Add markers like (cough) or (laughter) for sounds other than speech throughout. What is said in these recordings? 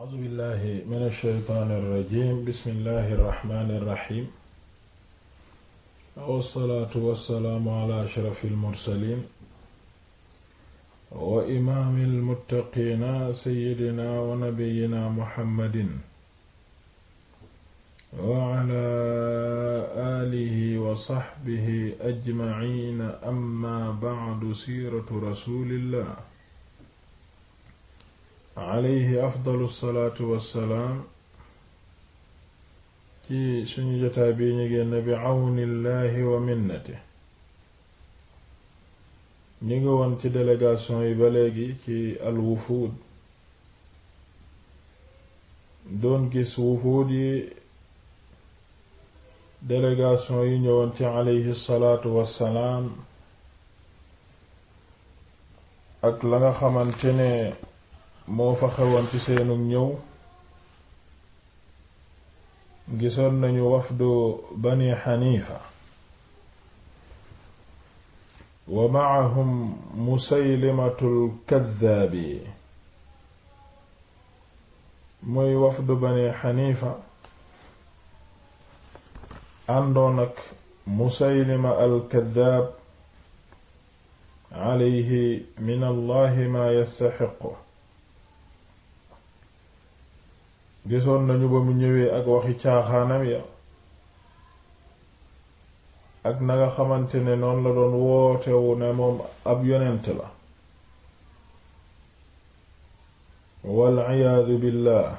a'uuzu billahi mina shaytaani rajiim bismillahi rahmaani rahiim wassalaatu wassalaamu ala ashrafil mursaliin wa imaamil muttaqiina sayyidinaa wa nabiyyinaa muhammadin wa ala aalihi wa sahbihi ajma'iina amma ba'du siiratu rasuulillah alayhi afdalu salaatu wassalaam ci suñu jotaa bi ñu génn bi awnillahi wa minnati ñu ngi woon ci délégation yi ba léegi ci alwufuud doon gis wufuud yi délégation yi ñëwoon ci alayhi salaatu wassalaam ak la nga xamante moo fa xewoon ci seenu ñëw gisoon nañu wafdu bani xanifa wa maahum musaylimatul kaddaabi muy wafdu bani xanifa àndoon ak musaylima al kaddaab alayhi min allahi ma yastaxiqu gisoon nañu ba mu ñëwee ak waxi caaxaanam ya ak na nga xamante ne noonu la doon wootewu ne moom ab yonent la wal iyaadu billaah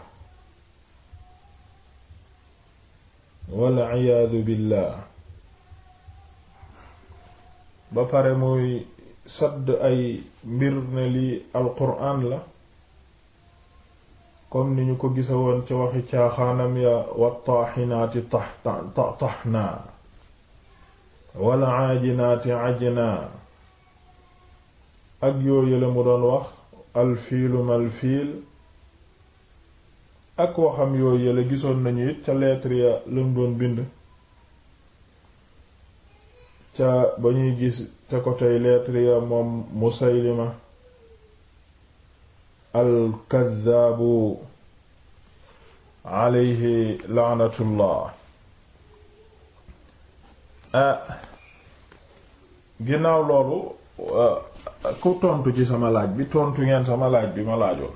wal iyaadu billaah ba pare muy sadd ay mbir ne lii alquraan la comme ni ñu ko gisa woon ca waxi caaxaanam ya wattaaxinaati taxna wala aajinaati ajna ak yooyu la mu doon wax alfiilu malfiil ak waxam yooyu la gisoon nañu it ca lettre ya lamu doon bind ca ba ñuy gis ca côté lettre ya moom Musaylima al-kaddaabu alayhi laanatullah ah, ginnaaw loolu ah, ku tontu ci sama laaj bi tontu ngeen sama laaj bi ma laajoon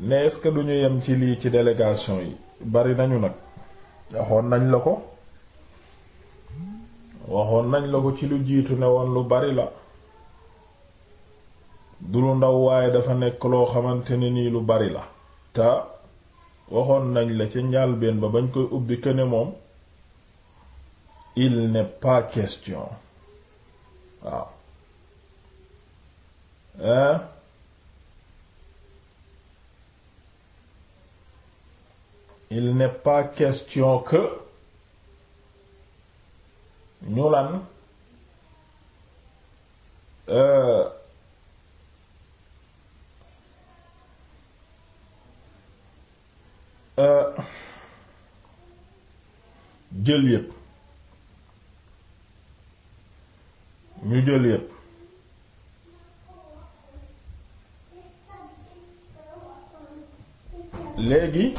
ne est-ce que yem ci lii ci délégation yi bari nañu nag waxoon nañ la ko waxoon nañ la ko ci lu jiitu ne woon lu bari la du lu ndaw waaye dafa nekk loo xamante ne nii lu bari la te waxoon nañ la ca njàlbeen ba bañ koy ubbi que ne moom il n'est pas question waaw ah. il n'est pas question que ñu lan euh, Euh, jël yépp ñu jël yépp léegi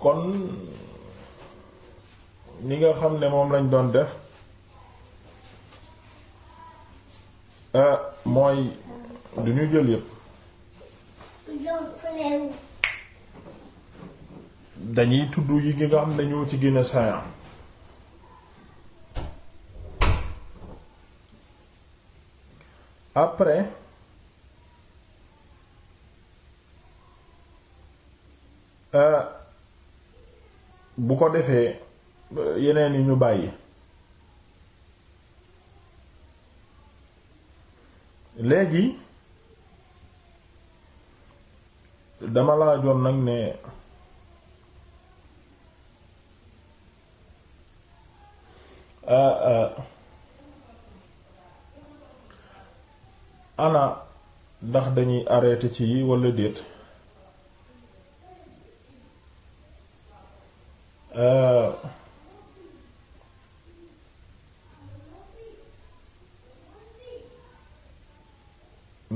kon ni nga xam ne moom lañ doon def euh, mooy du ñu jël yépp dañuy tudd yi gi nga xam ne ñoo ci gën a sayan après euh, bu ko defee euh, yeneen yi ñu bàyyi léegi dama laajoon nag ne ana ndax dañuy arrêté ci yi déet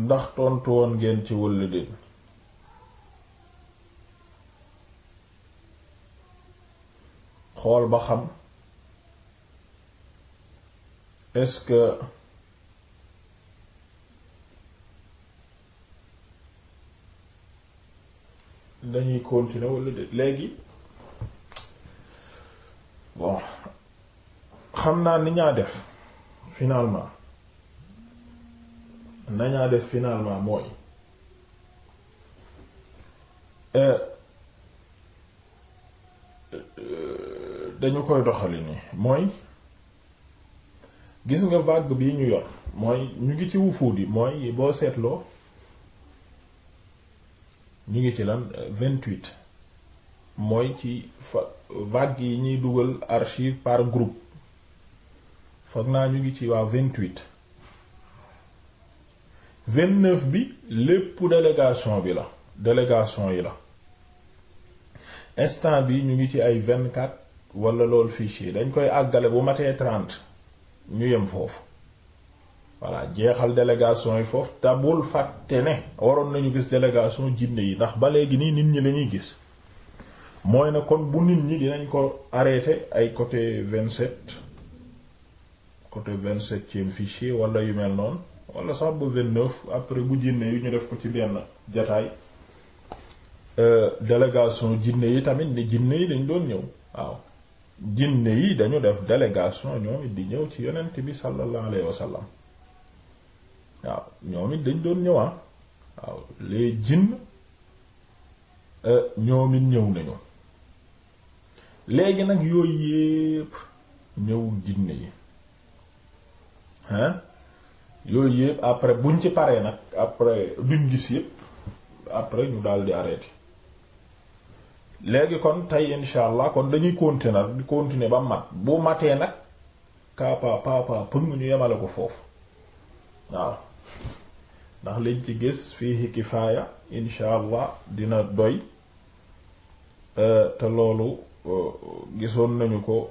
ndax tontu woon ngeen ci walla déet xool ba xam est-ce que dañuy continuer wala de léegi bon xam naa ni ñaa def finalement nañaa def finalement mooy euh, dañu koy doxali ni mooy gis nga vague bi ñu yor mooy ñu ngi ci wufuud yi mooy boo seetloo ñu ngi ci lan euh, vingt-huit mooy ci fa vague yi ñuy dugal archive par groupe foog naa ñu ngi ci waa vingt-huit vingt-neuf bi lépp délégation bi la délégation yi la instant bi ñu ngi ci ay vingt-quatre wala loolu fichier dañ koy àggale bu matee trent ñu yem foofu voilà jeexal délégation yi foofu te bul fàtte ne waroon nañu gis délégation jinne yi ndax ba léegi nii nit ñi lañuy gis mooy na kon bu nit ñi dinañ ko arrêté ay côté vingt-sept côté vingt-septième fichier wala yu mel noonu wala sax bu vingt-neuf après bu jinne yu ñu def ko ci benn jataay euh, délégation jinne yi tamit ni jinne yi dañ doon ñëw waaw jinne yi dañu def délégation ñoom it di ñëw ci yonent bi sallallahu alayhi wa sallam waaw ñoom it dañ doon ñëwaan ah. waaw les jinn euh, ñoom it ñëw nañu léegi nag yooyu yépp ñëw jinne yi hein yooyu yépp après buñ ci paree nag après duñ gis yépp après ñu daldi arrêté léegi kon tey insha allah kon dañuy continuer di continuer ba mat bu matee nag kaapa papa pour ñu yemale ko foofu waaw ndax liñ ci gis fii kifaaya insha allah dina doy euh, te loolu euh, gisoon nañu ko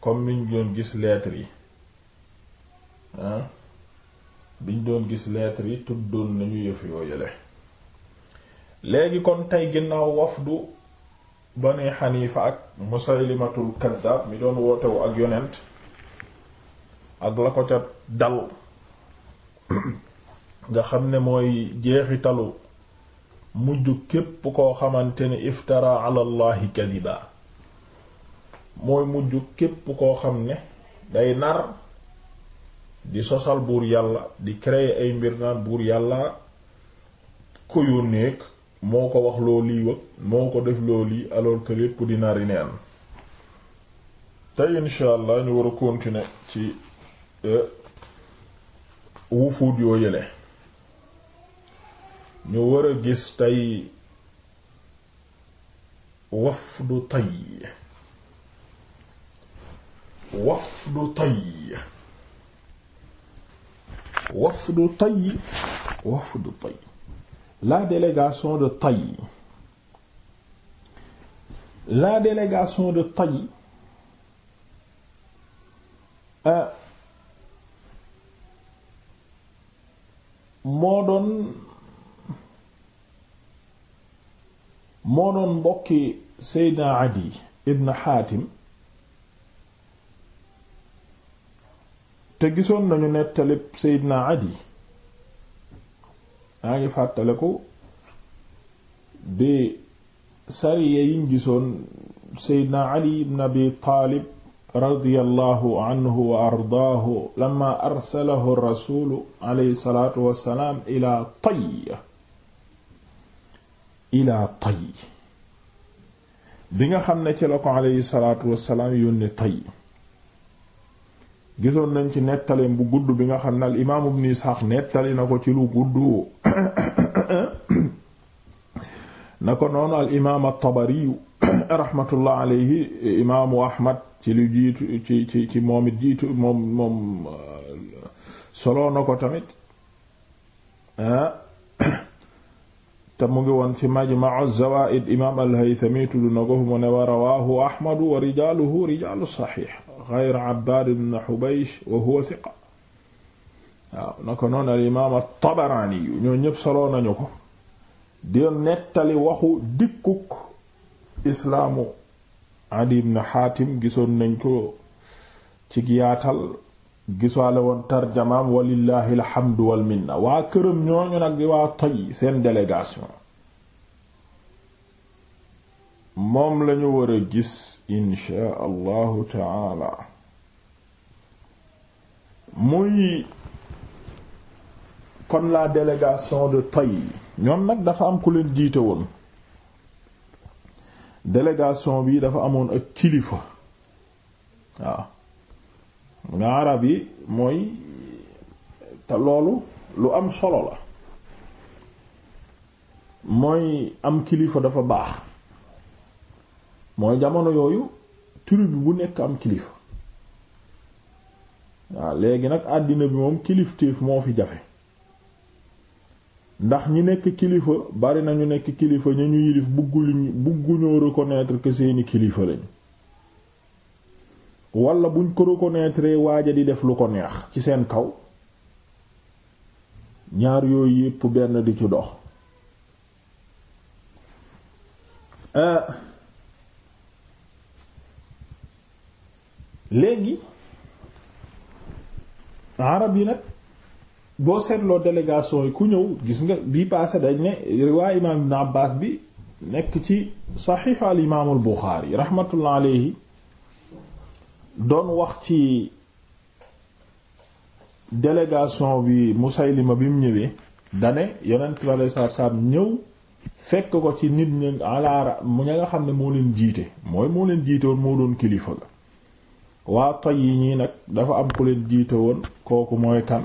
comme niñ doon gis lettre yi biñ doon gis lettre yi tuddoon nañu yëf yoo yële léegi kon tey ginnaaw wafdu bani xanifa ak musaylimatul kazzab mi doon wootewu ak yonent ak la ko ca dal (clears throat) nga xam ne mooy jeexitalu mujj képp koo xamante ni iftara ala kadiba mooy mujj képp koo xam ne day nar di sosal buur yàlla di créer ay mbir naan buur yàlla ko yónneek moo ko wax loo lii wëg moo ko def loo lii alors que lépp di nari neen tey incha ñu war a continuer ci e, wufuud yoo yële ñu war a gis tey wafdu tay wafdu tay wafdu tay wafdu tay la délégation de Tay la délégation de Tay ah euh, moo doon mbokki Seydina Adi ibn Hatim te gisoon nañu nettalib Seydina Adi maa ngi fàttaliku bi sariya yiñ gisoon seydna ali ibn abi taalib radiyallahu anhu wa ardaahu lamma arsalahu rasulu alayhi salaatu wassalaam ila tay ila tay bi nga xam ne ci la ko alayhi salaatu wassalaam yónni tay gisoon nañ ci nettaleem bu gudd bi nga xam ne al imaam nettali na ko ci lu gudd (coughs) na ko noonu al imaam at-Tabari rahmatullah imaamu Ahmad ci lu jiitu uh, na ko tamit (coughs) te mu ngi woon ci Majma'u Zawaa'id imaam al-Haythami tudd na ko mu wa rawaahu Ahmad wa rijaaluhu rijaalu saxiix ghayra Abbaad ibn Hubaysh wa huwa thiqa waaw ñoo ñëpp soloo nañu ko di waxu dikkuk islaamu Adi gisoon nañ ko ci yaatal gisaale woon tarjamaam walillahi alhamdu wal waa këram ñooñu nag di waa toy seen délégation moom lañu war a gis inshaa allahu taala muy kon la délégation de Tay ñoom nag dafa am ku leen jiite woon délégation bii dafa amoon ak kilifa waaw nga arab yi mooy te loolu lu am solo la mooy am kilifa dafa baax mooy jamono yooyu tribu bu nekk am kilifa waaw léegi nag àddina bi moom kilifteef moo fi jafe ndax ñi nekk kilifa bari nañu nekk kilifa ñu ñu yilif bugguñu bugguñoo reconnaître que seeni kilifa lañ wala buñ ko reconnaître waaja di def lu ko neex ci seen kaw ñaar yooyu yépp benn di ci dox. Euh, léegi arab yi nag boo seetloo délégation yi ku ñëw gis nga bi passé dañ ne riwaay imaam ibn Abbaas bi nekk ci saxiixu al imaamul Buxaari raxmatullah alayhi doon wax ci délégation bi mu Musaylima bi mu ñëwee dane yonent bi alayhi ñëw fekk ko ci nit ñi alaara mu ña nga xam ne moo leen jiite mooy moo leen jiite moo doon kilifa la waa toy yi ñii nag dafa am ku leen jiite woon kooku mooy kan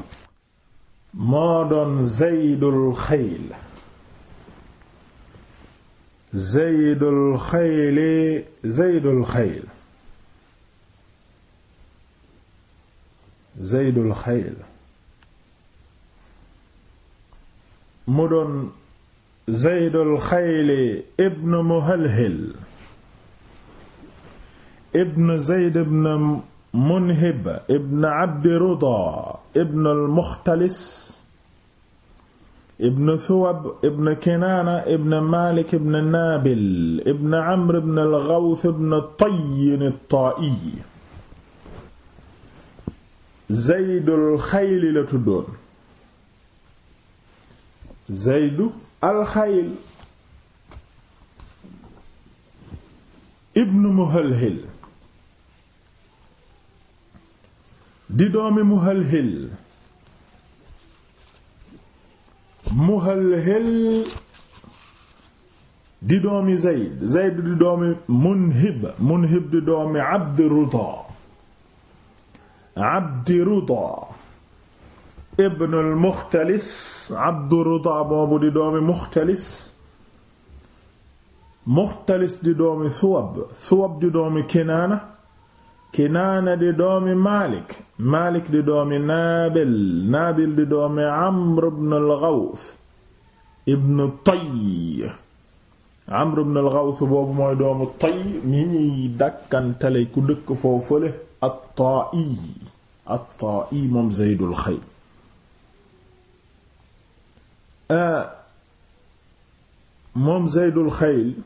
moo doon zeydul xayl zeydul xayli zeydul xayl xayl mu doon zeydul xayli ibn muhalhil ibn zeyd ibn munhib ibn abdi ruda ibn al muxtalis ibn thuwab ibn kinaana ibn malik ibn naabil ibn amr ibn al ghawth ibn tayyin al taa'i zeydul xayli la tuddoon zeydu al xayl ibn muhalhil di doomi muhalhil muhalhil di doomi zayd zayd di doomi munhib munhib di doomi abdi ruda abdi ruda ibnul mukhtalis abdu ruda boobu di doomi mukhtalis mukhtalis di doomi thuwab thuwab di doomi kinaana Kinaana di doomi Malik Malik di doomi Naabil Naabil di doomi Amr ibn al-Ghawth ibn Tayy Amr ibn boobu mooy doomu Tayy mi ñuy ku dëkk foofule at-Taa'i at-Taa'i moom Zaydul Xayl euh, moom Zaydul Xayl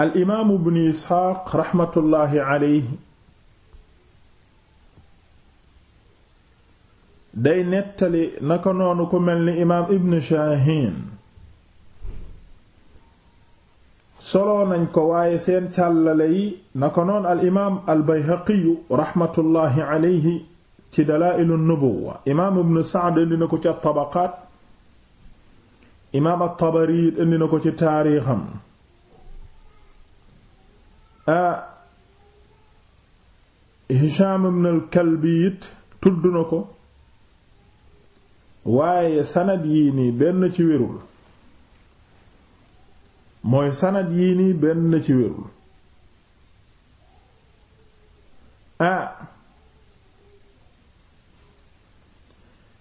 al imaamu bnu isxaaq raxmatullaahi aleyhi day nettali naka noonu ku mel ni imaam ibn shaahin soloo nañ ko waaye seen càllale yi naka noon al imaam al bayhaqiyu raxmatullaahi aleyhi ci dalaa'ilu nubuwa imaam ibn sa'd indi na ko ci at tabaqaat imaam at tabari indi na ci taariixam Ah, Hisham ibn al-Kalbi it tudd na ko waaye sanad yii nii benn ci wérul mooy sanad yii nii benn ci wérul ah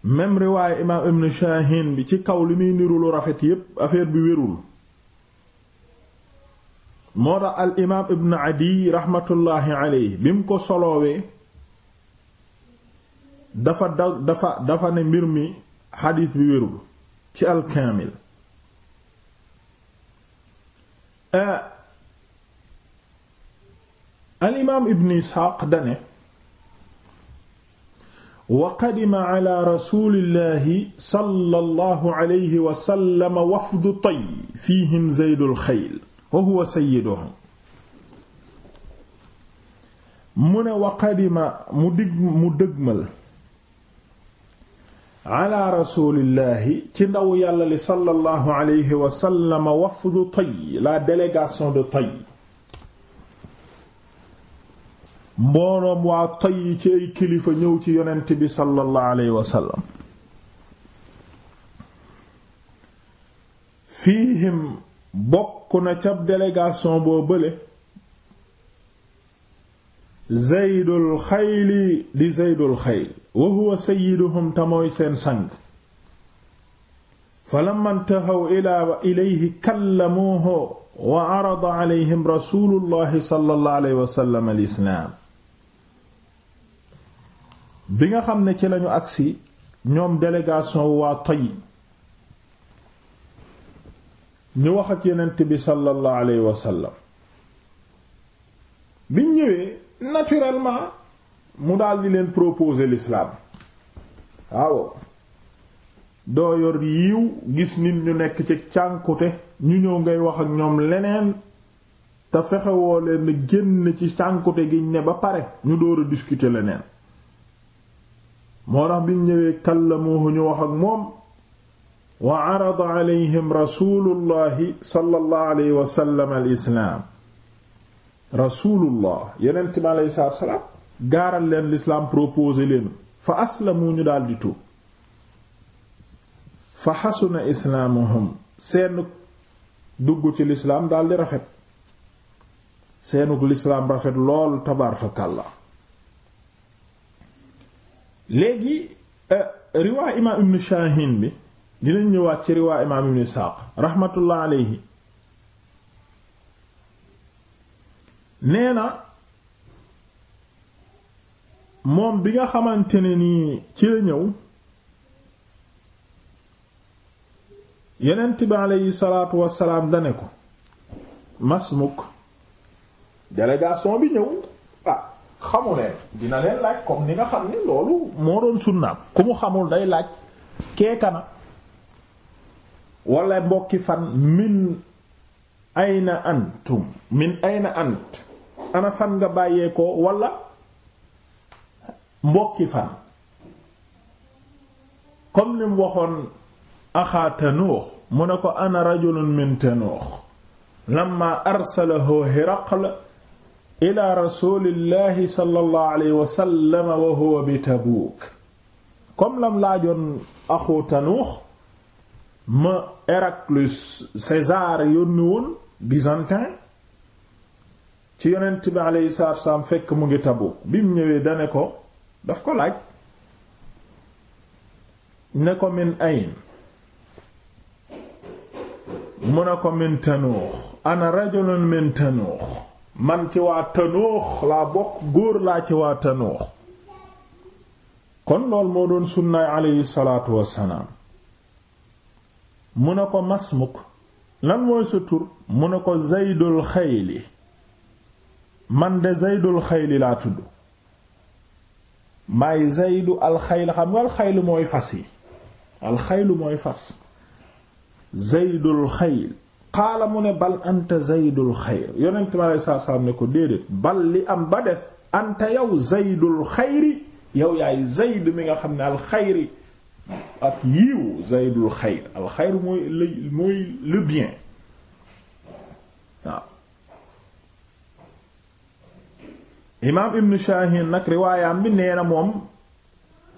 même riwaaye imaam ibn Shahin bi ci kaw li muy niru lu rafet yépp affaire bi wérul moo tax al imaam ibn adiy raxmatullaahi alayhi bi ko soloowee dafa dafa ne mbir mi xadiis bi wérul ci alkaamil eh, al imaam ibn isxaaq dane wa qadima ala rasulillahi sallallahu alayhi wa sallam wafdu tay fiihim zeydul xayl wa huwa sayyiduhum mu ne wa qadima mu dig mu dëgmal ala rasulillahi ci ndaw yàllali li sallallahu alayhi wa sallam wafdu Tayy la délégation de Tayy mbooloom waa Tayy ci ay kilifa ñëw ci yonent bi sallallahu alayhi wa bokk na cab délégation boo bële zeydul xayli di zeydul xayl wa huwa sayyiduhum ta seen sang falamma intahaw ila ilayhi kallamuuhu wa arada alayhim rasulullahi sallallahu alayhi bi nga xam ne ci lañu agsi ñoom délégation waa Tayy ñu wax ak yonent bi sallallahu alayhi wa biñ ñëwee naturellement mu daldi leen proposer l'islam waaw doo yor yiw gis nit ñu nekk ci cànkute ñu ñëw ngay wax ak ñoom leneen te fexewoo leen génn ci cànkute giñ ne ba pare ñu door a discuter leneen moo tax biñ ñëwee kallamuhu ñu wax ak moom wa carada calayhim rasuulullahi sallallahu alayhi wa sallam al islaam rasuulullah yonent bi alayhi salaatu salaam gaaral leen lislaam proposé leen fa aslamu ñu daldi tuub fa xasuna islaamuhum seen dugg ci lislaam daal di rafet seenug lislaam rafet loolu tabaar léegi euh, riwaa imaam ibn Shaahin bi dinañ ñëwaat ci riwaa imaam ibn raxmatullah alayhi nee na moom bi nga xamante ne nii ci la ñëw yenent bi aleyhi salaatu wasalaam dane ko masmuk délégation bi ñëw ah xamu leen dina leen laaj ko ni nga xam ni loolu moo doon sunnaam ku mu xamul day laaj keekana wala mbokki fan min ayna antum min ant ana fan nga bàyyeekoo wala mbokki fan comme lim waxoon axaa tanuux mu ne ko ana rajulun min tanuux lamma arsalahu hiraql ila rasulillahi sallallahu alayhi wa wa huwa bi tabuuk comme lam laajoon axu tanuux ma Héraclius César yónni byzantin ci yonent bi alayhi salaatu fekk mu ngi Tabuk bi mu ñëwee dane ko daf ko laaj ne ko min ayn mu ne ko min Tanuux ana rajulun min Tanuux man ci waa Tanuux laa bokk góor laa ci waa Tanuux kon loolu moo doon sunnaay alayhi salaatu wassalaam mu ne ko masmuk lan mooy sa mu ne ko zaydul xayli man de zaydul xayli laa tudd may zaydu alxayl xam nga alxayl mooy fas yi alxaylu mooy fas zaydul xayl xaala mu ne bal anta zaydul xayr yonent mi alei sat salaam ne ko déedéet bal li am ba des anta yow zaydul xayri yow yaay zayd mi nga xam ne alxayri ak yiiw zaydul xayr al muy mooy le mooy le bien waaw imaam ibn Shaahin nag riwaayam bi nee na moom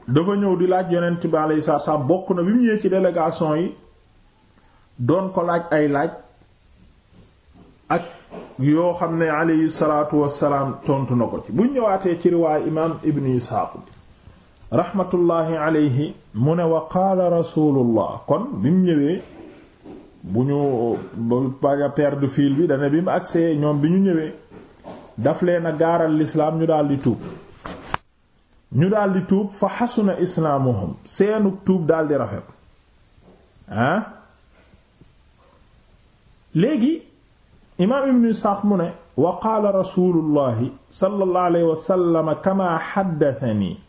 dafa ñëw di laaj yonent bi alayhi salaatu salaam bokk na bi mu ñëwee ci délégation yi doon ko laaj ay laaj ak yoo xam ne alayhi salaatu wassalaam tontu na ko ci bu ñëwaatee ci riwaay imaam ibn Isaaq bi raxmatullaahi alayhi mu ne wa qaala rasulullah kon bi mu ñëwee bu ñu baga perdre fil bi dane bi mu agsee ñoom bi ñu ñëwee daf leen a gaaral lislaam ñu daldi tuub ñu daldi tuub fa xasuna islaamuhum seenug tuub daldi rafet ah léegi imaam ibnu isxaaq mu ne wa qaala rasulullahi sallallahu alayhi wa sallam kama xaddatani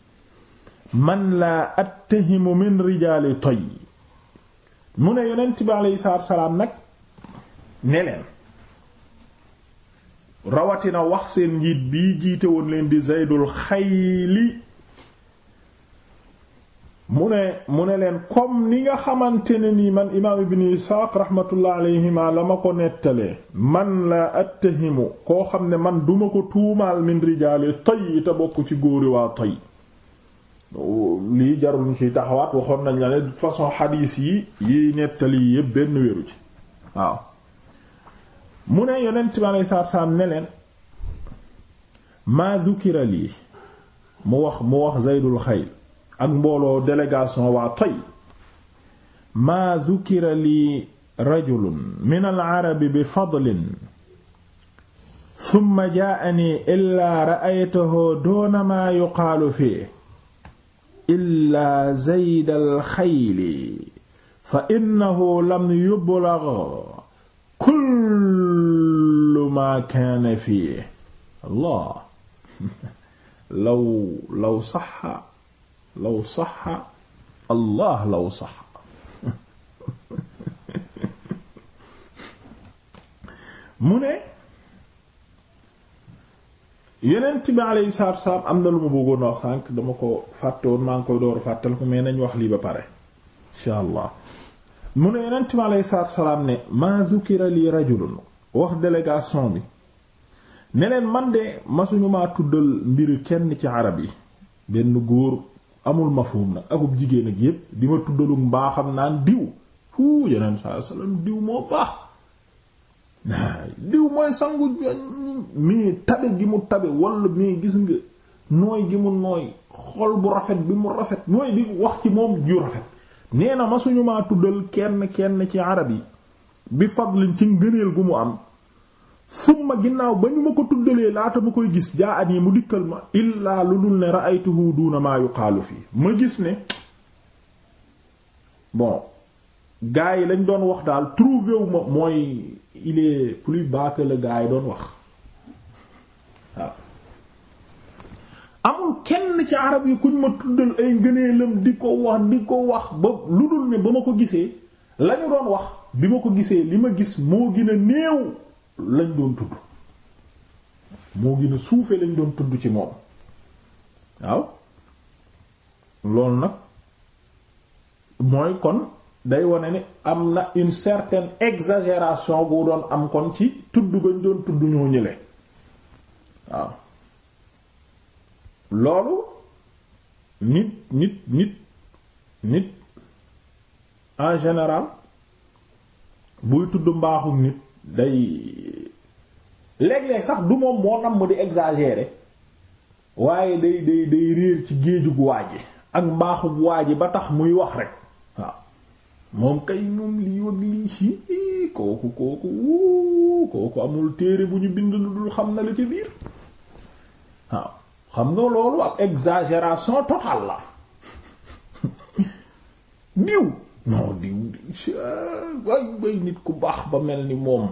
man laa attahimu min rijaali toy mu ne yonent bi aleyhi salaatu nag ne leen rawatina wax seen njiit bi jiite woon leen di Zaydul Xayli mu ne mu ne leen comme ni nga xamante ne nii man imaam ibn Isaaq rahmatullah alayhima la ma ko nettalee man laa attahimu koo xam ne man duma ko tuumaal min rijaali toy te bokk ci góori waa toy lii jarul ñu ciy taxawaat waxoon nañ la ne de façon xadiis yi yiy nettali yépp benn wéru ci waaw mu ne yonent bi alei saatu salaam ne leen maa dhukira lii mu wax mu wax Zaydul Xayl ak mbooloo délégation waa toy maa dhukira lii rajulun min al-arabi bi fadlin thumma jaa'anii illaa ra'aytahu duuna maa yuqaalu fiihi illaa zayd alxayli fa innahu lam yublag kullu maa kaana fiihi allah law law saxa law (laughs) saxa allah law saxa mu ne yeneent bi alayhi salaatu salaam am na lu ma bëggoon wax sànq dama ko fàttoon maa ngi koy dooru fàttal ko mais nañ wax lii ba pare insha allah mu ne yeneent bi alayhi salaatu salaam ne ma yi li rajulun wax délégation bi ne man de masuñu maa tuddal mbiru kenn ci arab yi benn góor amul mafhum nag akub jigéen ak yépp di ma tuddalum mbaaxam naan diw hu yeneen saa sallam diw moo baax diw mooy sangu mii tabe gi mu tabe wala mii gis nga nooy gi mu nooy xol bu rafet bi mu rafet mooy di wax ci moom ju rafet nee na ma suñu maa tuddal kenn kenn ci arab yi bi fadlin ci ngëneel gu mu am ma ginnaaw ba ñu ma ko tuddalee laata ma koy gis jaa at yi mu dikkal ma illaa lu dul ne ra'aytuhu duuna maa yuqaalu fii ma gis ne bon gaa yi lañ doon wax daal trouvé mooy il est plus bas que yi doon wax waaw amul kenn ci arab yi kuñ ma tuddal ay ngëneelam di ko wax di ko wax ba lu dul ne ba ma ko gisee lañu doon wax bi ma ko gisee li ma gis moo gën a néew lañ doon tudd moo gën a suufe lañ doon tudd ci moom waaw loolu nag mooy kon day wane ni am na une certaine exagération gu doon am kon ci tudd gañ doon tudd ñoo ñële waaw loolu nit nit nit nit en général buy tudd mbaaxu nit day léeg-léeg sax du moom moo namm di exagérer waaye day day day réer ci géejug waa ji ak mbaaxug waa ji ba tax muy wax rek moom kay moom lii wag lii hi kooku kooku wuu kooku amul téere bu ñu bind lu dul xam na la ca biir waaw xam nga loolu ak exagération totale la (laughs) diw non diw way way nit ku baax ba mel ni moom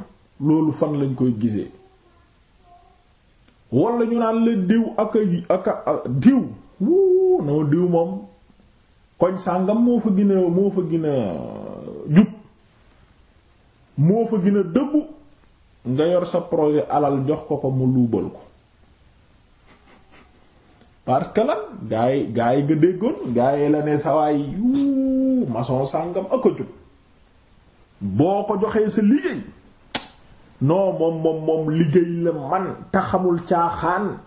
loolu fan lañ koy gisee wala ñu naan la diw aka aka diw wuu non diw moom koñ sàngam moo fa gën a moo fa gën jub moo fa gën a nga yor sa projet alal jox ko ko mu luubal ko parce que gaay gaa yi gaa yi nga déggoon gaa la ne sawaay yu maçon sàngam ak a jub boo ko joxee sa liggéey non moom moom moom liggéey la man te xamul caaxaan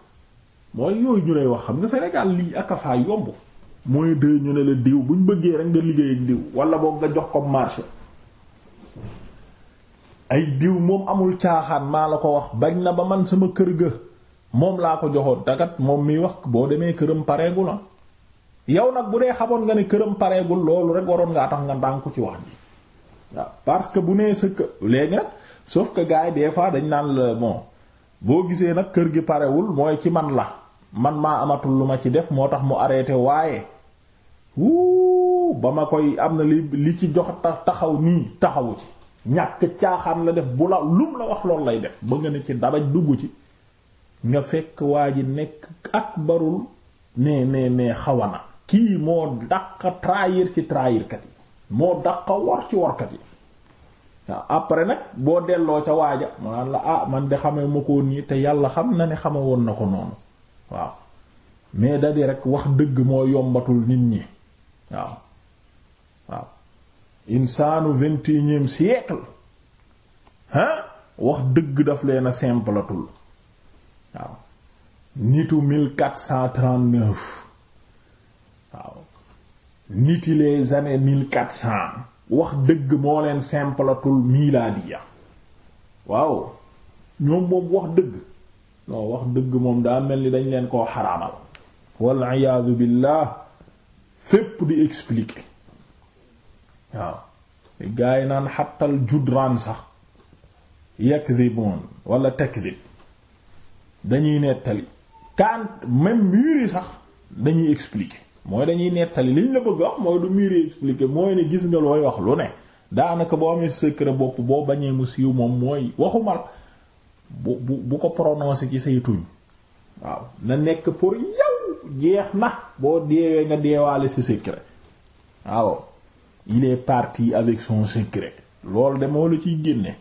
mooy yooyu ñu lay wax xam nga Sénégal lii ak a faa yomb mooy deux ñu ne la diw buñ bëggee rek nga liggéey diw wala boog nga jox ko marché ay diw moom amul caaxaan maa la ko wax bañ na ba man sama kër ga moom laa ko joxoon takat moom miy wax boo demee këram pareegul ah. yow nag bu dee xamoon nga ne këram pareegul loolu rek waroon ngaa tax nga ndànku ci wax ji waaw parce que bu nee sa kër léegi nag sauf que gars yi des fois dañ naan la bon boo gisee nag kër gi parewul mooy ci man la man maa amatul lu ma ci def moo tax mu arrêté waaye wuu ba ma koy am na li li ci jox taxaw nii taxawu ci ñàkk caaxaan la def bu la lum la wax lool lay def ba nga ne ci dabaj dugg ci nga fekk waa ji nekk akbarul mais mais mais xawana kii moo daq trahir ci trahirkat yi moo daq wor ci workat yi waaw après nag boo delloo ca waaja mu naan la ah man de xamee ma ko nii te yàlla xam na ne xame woon na ko noonu waaw mais da di rek wax dëgg moo yombatul nit ñi waaw waaw insaanu vingt et unième siècle wax dëgg daf leen a simplatul waaw nitu mille quatre cent trente-neuf waaw niti les années mille quatre cent wax dëgg moo leen simplatul milaadiya waaw ñoom moom wax dëgg non wax dëgg moom daa mel ni dañ leen koo xaraamal wal iyaadu billah fépp di expliquer waaw gaa yi naan xatal judraan sax yakdhibuun wala takdhib dañuy nettali quand même murs sax dañuy expliquer mooy dañuy nettali liñ la bëgg wax mooy du murs yi mooy ne gis nga looy wax lu ne daanaka boo amee secret bopp boo bañee mu siiw moom mooy waxumal bu bu bu ko prononcer ci say tuñ waaw na nekk pour ya jeex na boo deewee nga deewaale sa secret waaw il est parti avec son secret loolu de moo la ciy génne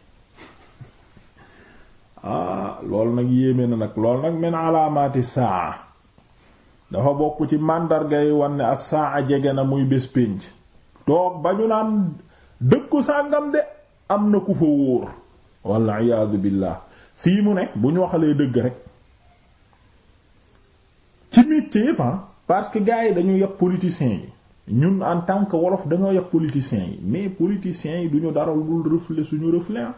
ah loolu nag yéeme na nag lool nag men alaamaati saa dafa bokk ci màndargay wan ne as saa jege na muy bés pénc toog ba ñu naan dëkku sàngam de am na ku fa wóor walla iyaadu billaah fii mu ne bu ñu waxalee dëgg rek activité yëpp ah. parce que gars yi dañu yàpp politiciens yi ñun en tant que wolof dañoo yàpp politiciens yi mais politiciens yi duñu dara lu reflet suñu reflet ah.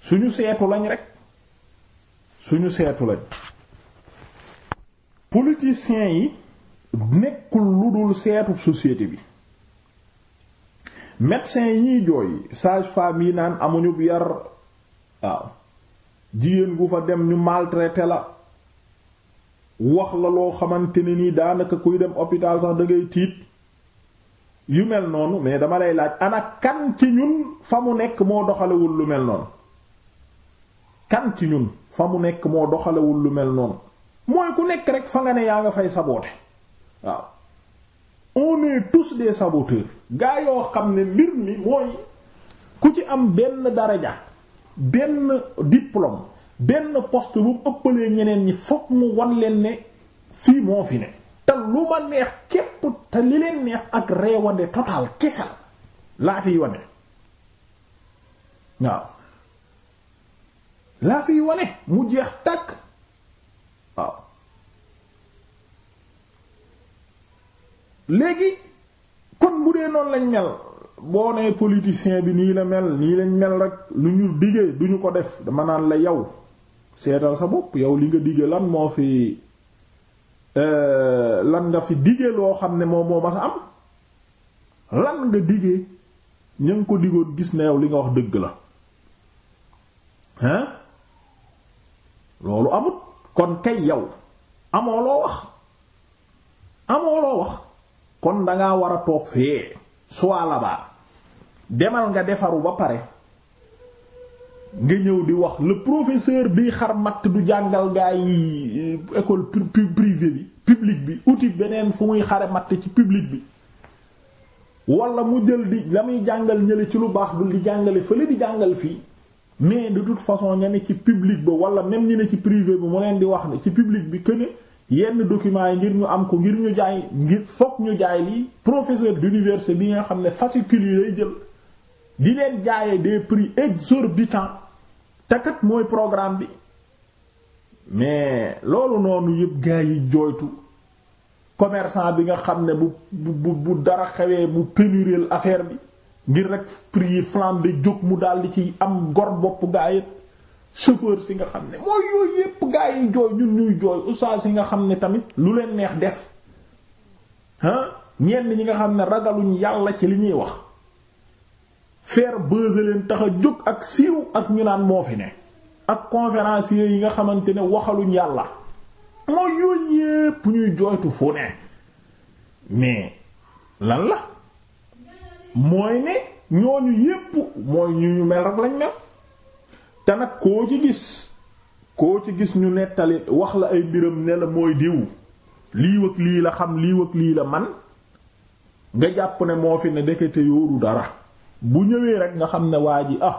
suñu seetu lañ rek suñu seetu lañ politiciens yi nekkul lu dul seetu société bi médecins yi ñuy jooy sage-femme yi naan amuñu yar waaw jigéen gu fa dem ñu maltraité la wax la loo xamante ni nii daanaka kuy dem hôpital sax da ngay tiit yu mel noonu mais dama lay laaj ana kan ci ñun fa mu nekk moo doxalewul lu mel noonu kan ci ñun fa mu nekk moo doxalewul lu mel noonu mooy ku nekk rek fa nga ne yaa nga fay saboote waaw on est tous des gaa yoo xam ne mbir mi mooy ku ci am benn daraja benn diplôme benn post bu ëppalee ñeneen ñi fokk mu wan leen ne fii moo fi ne te lu ma neex képp te li leen neex ak reewande total kesal laa fiy wane waaw laa fiy wane mu jeex tàkk waaw léegi kon bu dee noonu lañ mel boo nee politicien bi nii la mel nii lañ mel rek lu ñu diggee duñu ko def dama naan la yow seetal sa bopp yow li nga digge lan moo fi euh, lan nga fi digge loo xam ne moom moo ma sa am lan nga digge ña ngi ko diggoon gis na yow li nga wax dëgg la hein loolu amut kon kay yow amoo loo wax amoo loo wax kon dangaa war a toog fee soit là demal nga defaru ba pare nga ñëw di wax lu professeur bi xar matt du jàngal gaa yi euh, école privée bi publique bi outil beneen fu muy xare matt ci publique bi wala mu jël di la muy jàngal ñële ci lu baax du di jàngale fële di jàngal fii mais de toute façon ña ne ci public ba wala même ñi ne ci privé bi mu leen di wax ne ci public bi que yenn documents yi ngir ñu am ko ngir ñu jaay ngir fokk ñu jaay lii professeur d'université bi nga xam ne fascicule yi lay jël di leen jaayee des prix exorbitants te kat mooy programme bi mais loolu noonu yëpp gaa yi jooytu commerçant bi nga xam ne bu bu bu dara xewee mu pénurie affaire bi ngir rek prix yi bi jóg mu daldi ci am gor bopp gaa yëpp chauffeur si nga xam ne mooy yooyu yëpp gaa yi jooy ñun ñuy jooy oustaz si nga xam ne tamit lu leen neex def ah ñenn ñi nga xam ne ragaluñ yàlla ci li ñuy wax. faire buzz tax a jóg ak siiw ak ñu naan moo fi ne ak conférenciers yi nga xamante ne waxaluñ yàlla mooy yooyu yépp ñuy jooytu fu ne mais lan la mooy ne ñooñu yépp mooy ñu ñu mel rek lañ mel te nag koo ci gis koo ci gis ñu nettali wax la ay mbiram ne la mooy diw lii lii la xam lii lii la man nga jàpp ne moo fi ne dekete yóoru dara bu ñëwee rek nga xam ne waa ji ah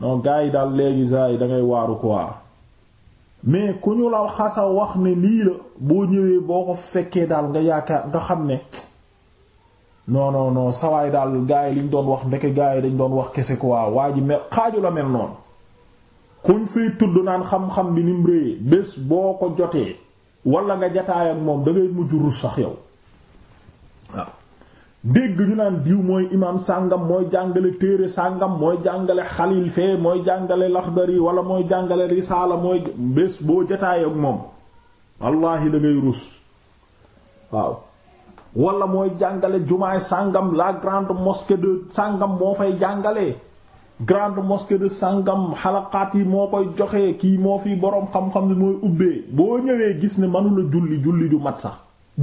non gars yi daal léegi saa yi da ngay waaru quoi mais ku ñu la xasa wax ne lii la boo ñëwee boo ko fekkee daal nga yaakaar nga xam ne non non non sawaay daal gars yi liñ doon wax ndekk gars yi dañ doon wax kese ko waa ji mel xaaju la mel noonu kuñ fiy tudd naan xam-xam bi ni mu réyee bés boo ko jotee walla nga jataay moom da ngay mujj rus sax yow dégg ñu naan diw mooy imam sàngam mooy jàngale téere sàngam mooy jàngale xalil fee mooy jàngale laxdari wala mooy jàngale risaala mooy bés boo jataay ak moom wallaahi da ngay rus waaw wala mooy jàngale jumaay sàngam la grande mosquée de sàngam moo fay jàngale grande mosquée de sàngam xalaqaat yi moo koy joxe kii moo fi boroom xam-xam mooy ubbee boo ñëwee gis ne mënula julli julli ju mat sax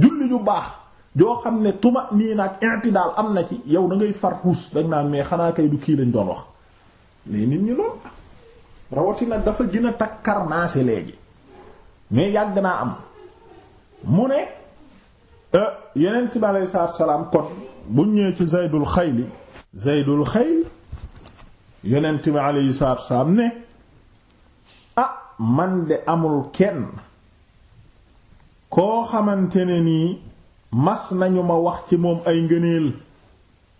julli ju baax joo xam ne tuma nii naag daal am na ci yow da ngay far ruus dag naan mais xanaa kay du kii lañ doon wax mais nit ñi lool rawatina dafa gën a takkar léegi mais yàgg naa am mu ne euh, yeneen ci bi aleyi salaam kon buñ ñëwee ci zaydul xayli zaydul xayl yonent bi alayhi salaatu wasalaam ne ah man de amul kenn koo xamante ne nii mas nañu ma wax ci moom ay ngëneel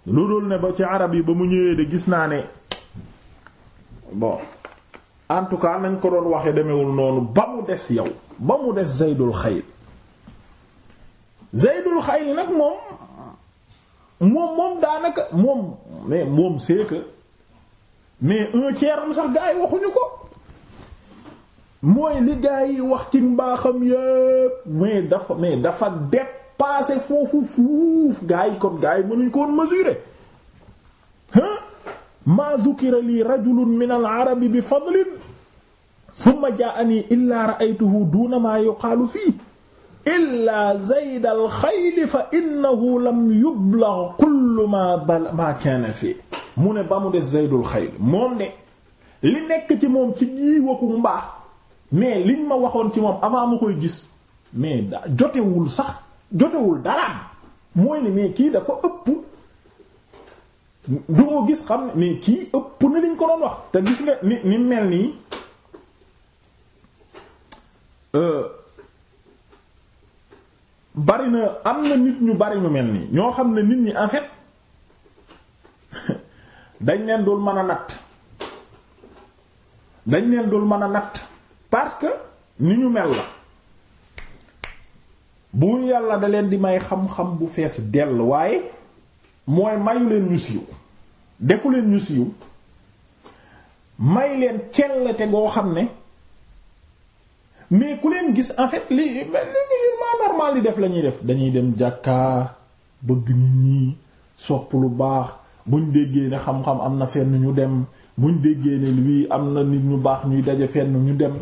lu dul ne ba ci arab yi ba mu ñëwee de gis naa ne bo en tout cas nañ ko doon waxee demewul noonu ba mu des yow ba mu des Zaydul Xayl Zaydul Xayl nag moom moom moom daanaka moom mais moom c'est que mais sax gaa yi waxuñu ko mooy li yi wax ci mbaaxam yépp mais dafa mais dafa dep passé foofu fuuf gars kon gars ko woon mesurer hein maa dhukira lii rajulun min al mu ne ba mu des zaydul xayl moom ne li nekk ci moom ci jiiwaku ma waxoon ci moom avant ma koy gis jotewul sax jotewul daraam mooy ne mais kii dafa ëpp du ko gis xam ne mais kii ëpp na liñ ko doon wax te gis nga ni ni mel nii euh, bari na am na nit ñu bari ñu mel nii ñoo xam ne nit ñi en fait (laughs) dañ leen doon mën a natt dañ leen doon mën a natt parce que ni ñu mel la buur yàlla da leen di may xam-xam bu fees dell waaye mooy mayu leen ñu siiw defu leen ñu siiw may leen te goo xam ne mais ku leen gis en fait li li musulman normal li def lañuy def dañuy dem jàkka bëgg nit ñi sopp lu baax buñ déggee ne xam-xam am na fenn ñu dem buñ déggee ne lii am na nit ñu baax ñuy daje fenn ñu dem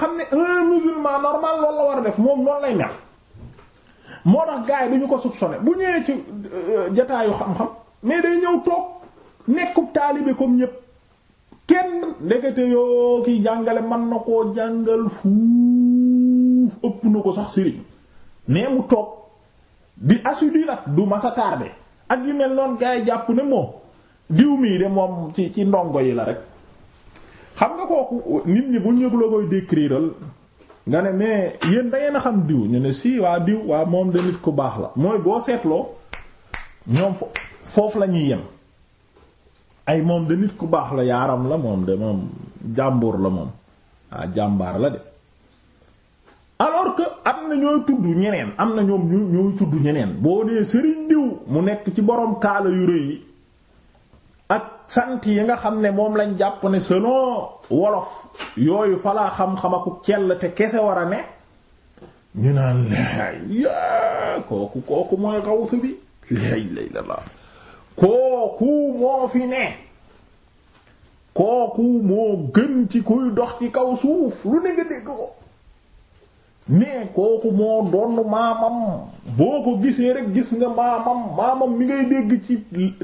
xam ne un musulman normal loolu la war a def moom noonu lay mel moo tax gars yi duñu ko soupçonné bu ñëwee ci euh, jataayu xam-xam mais day ñëw toog nekkub taalibe comme ñépp kenn ndekete yoo kiy jàngale man na koo jàngal fuuf ëpp na ko sax sëriñ mais mu toog di assidu nag du masa tardé ak yu mel noonu gars jàpp ne moom diw mii de moom ci ci ndongo yi la rek xam nga kooku nit ñi bu ñu yëg la koy décrire nga ne mais yéen da ngeen a xam diw ñu ne si waa diw waa moom de nit ku baax la mooy boo seetloo ñoom foofu la ay moom de ku baax la yaaram la moom de la moom waa jàmbaar la de alors que am na ñooy tudd ñeneen am na ñoom ñooy tudd ñeneen boo dee sëriñ diw mu nekk ci borom kaala yu rëy sant yi nga xam ne moom lañ jàpp ne selon wolof yooyu falaa xam-xam ak kell te kese war a ne ñu naan la kooku kooku mooy xawsu bi la ilaha kooku moo fi ne kooku moo gën ci kuy dox ci kaw suuf lu ne nga dégg ko mais kooku moo doon maamam boo ko gisee rek gis nga maamam maamam mi ngay dégg ci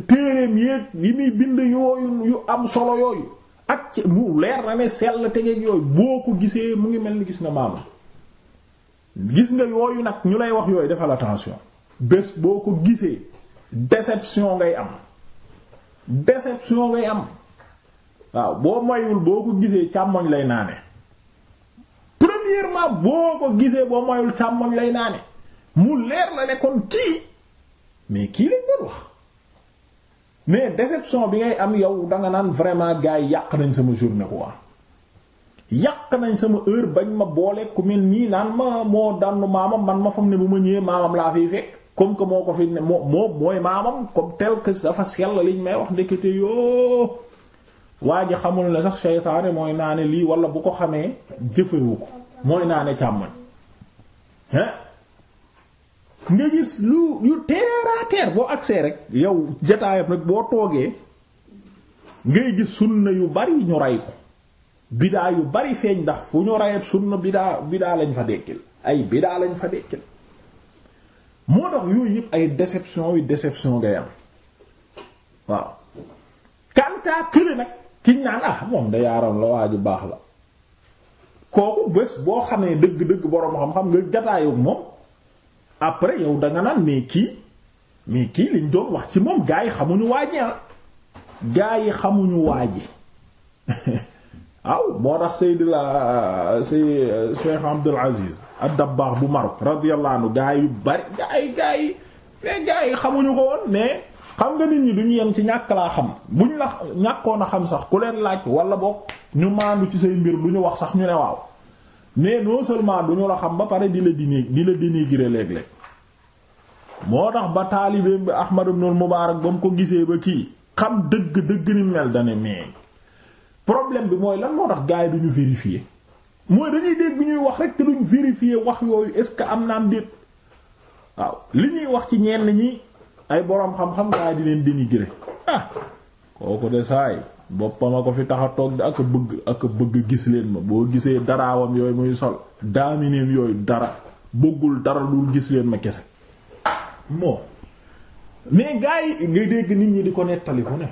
téereem yéeg yi muy bind yooyu yu am solo yooyu ak ci mu leer na ne sell tegeeg yooyu boo ko gisee mu ngi mel ni gis nga maamam gis nga yooyu nag ñu lay wax yooyu defal attention bés boo ko gisee déception ngay am déception ngay am waaw boo mayul boo ko gisee càmmoñ lay naane premièrement boo ko gisee boo moyul càmmoñ lay naane mu leer na ne kon kii mais kii lañ doon wax mais déception bi ngay am yow danga naan vraiment gars yi yàq nañ sama journée quoi yàq nañ sama heure bañ ma boole ku mel nii naan ma moo dànnu maamam man ma fam ne bu ma ñëwee maamam laa fiy fekk comme que moo ko fi ne moo moo mooy maamam comme tel que dafa sell liñ may wax ndekete yoo waa ji xamul ne sax seytaane mooy naa lii wala bu ko xamee jëfewu ko mooy naane càmmoñ hein nga gis lu yu teeraa teer boo agsee rek yow jataayam rek boo toogee ngay gis sunna yu bari ñu ray ko bidaa yu bari feeñ ndax fu ñu rayeb sunna bidaa bidaa lañ fa dekkil ay bidaa lañ fa dekkil moo tax yooyu yëpp ay déception yu déception ngay waaw kantaa kële nag kiñ naan ah moom da yaaram la waaju baax la kooku bés boo xamee dëgg-dëgg boroom xam-xam nga jataayoog moom après yow danga nga naan mais kii mais kii liñ doon wax ci moom gaa yi xamuñu waaji ah gaa yi xamuñu waaji (laughs) waaw moo tax Seydina ah, ah, Sey ah, Cheikh Abdul Aziz ad-Dabbaax bu Maroc radiyallahu anhu gaa yu bari gaa yi gaa yi mais gaa yi xamuñu ko woon mais xam nga nit ñi duñu yem ci ñàkk laa xam buñ la ñàkkoon a xam sax ku leen laaj wala bokk. ñu maandu ci say mbir lu ñu wax sax ñu ne waaw mais non seulement du la xam ba pare di la dini di la dénigrer léeg-léeg moo tax ba taalibeem bi Ahmad ibn al-Mubarak ba mu ko gisee ba kii xam dëgg dëgg ni mel dane mais problème bi mooy lan moo tax gars yi duñu vérifier mooy dañuy dégg ñuy wax rek te duñ vérifier wax yooyu est-ce que am na am déet li ñuy wax ci ñenn ñi ay boroom xam-xam gars di leen dénigrer ah kooku de saay boppam a ko fi taxa toog ak a bëgg ak bëgg gis leen ma boo gisee daraawam yooyu muy sol daamineem yooyu dara bëggul dara dul gis leen ma kese moo mais gars yi ngay dégg nit ñi di ko nettali ku ne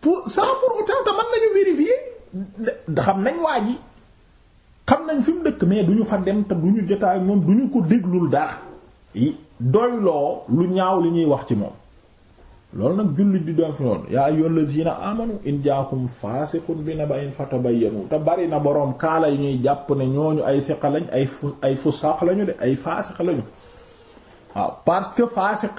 pour ça pour autant te mën nañu vérifier xam nañ waa ji xam nañ fi mu dëkk mais du ñu fa dem te du ñu jotaay moom du ñu ko déglul dara doyloo lu ñaaw li ñuy wax ci moom loolu nag jullit di def noonu yaa ayyuhal lazina amanu in jaakum faasiqun bi naba'in fatabayyanu te bari na boroom kaala yu ñuy jàpp ne ñooñu ay siqa lañ ay fu ay fusaax lañu de ay faasiq lañu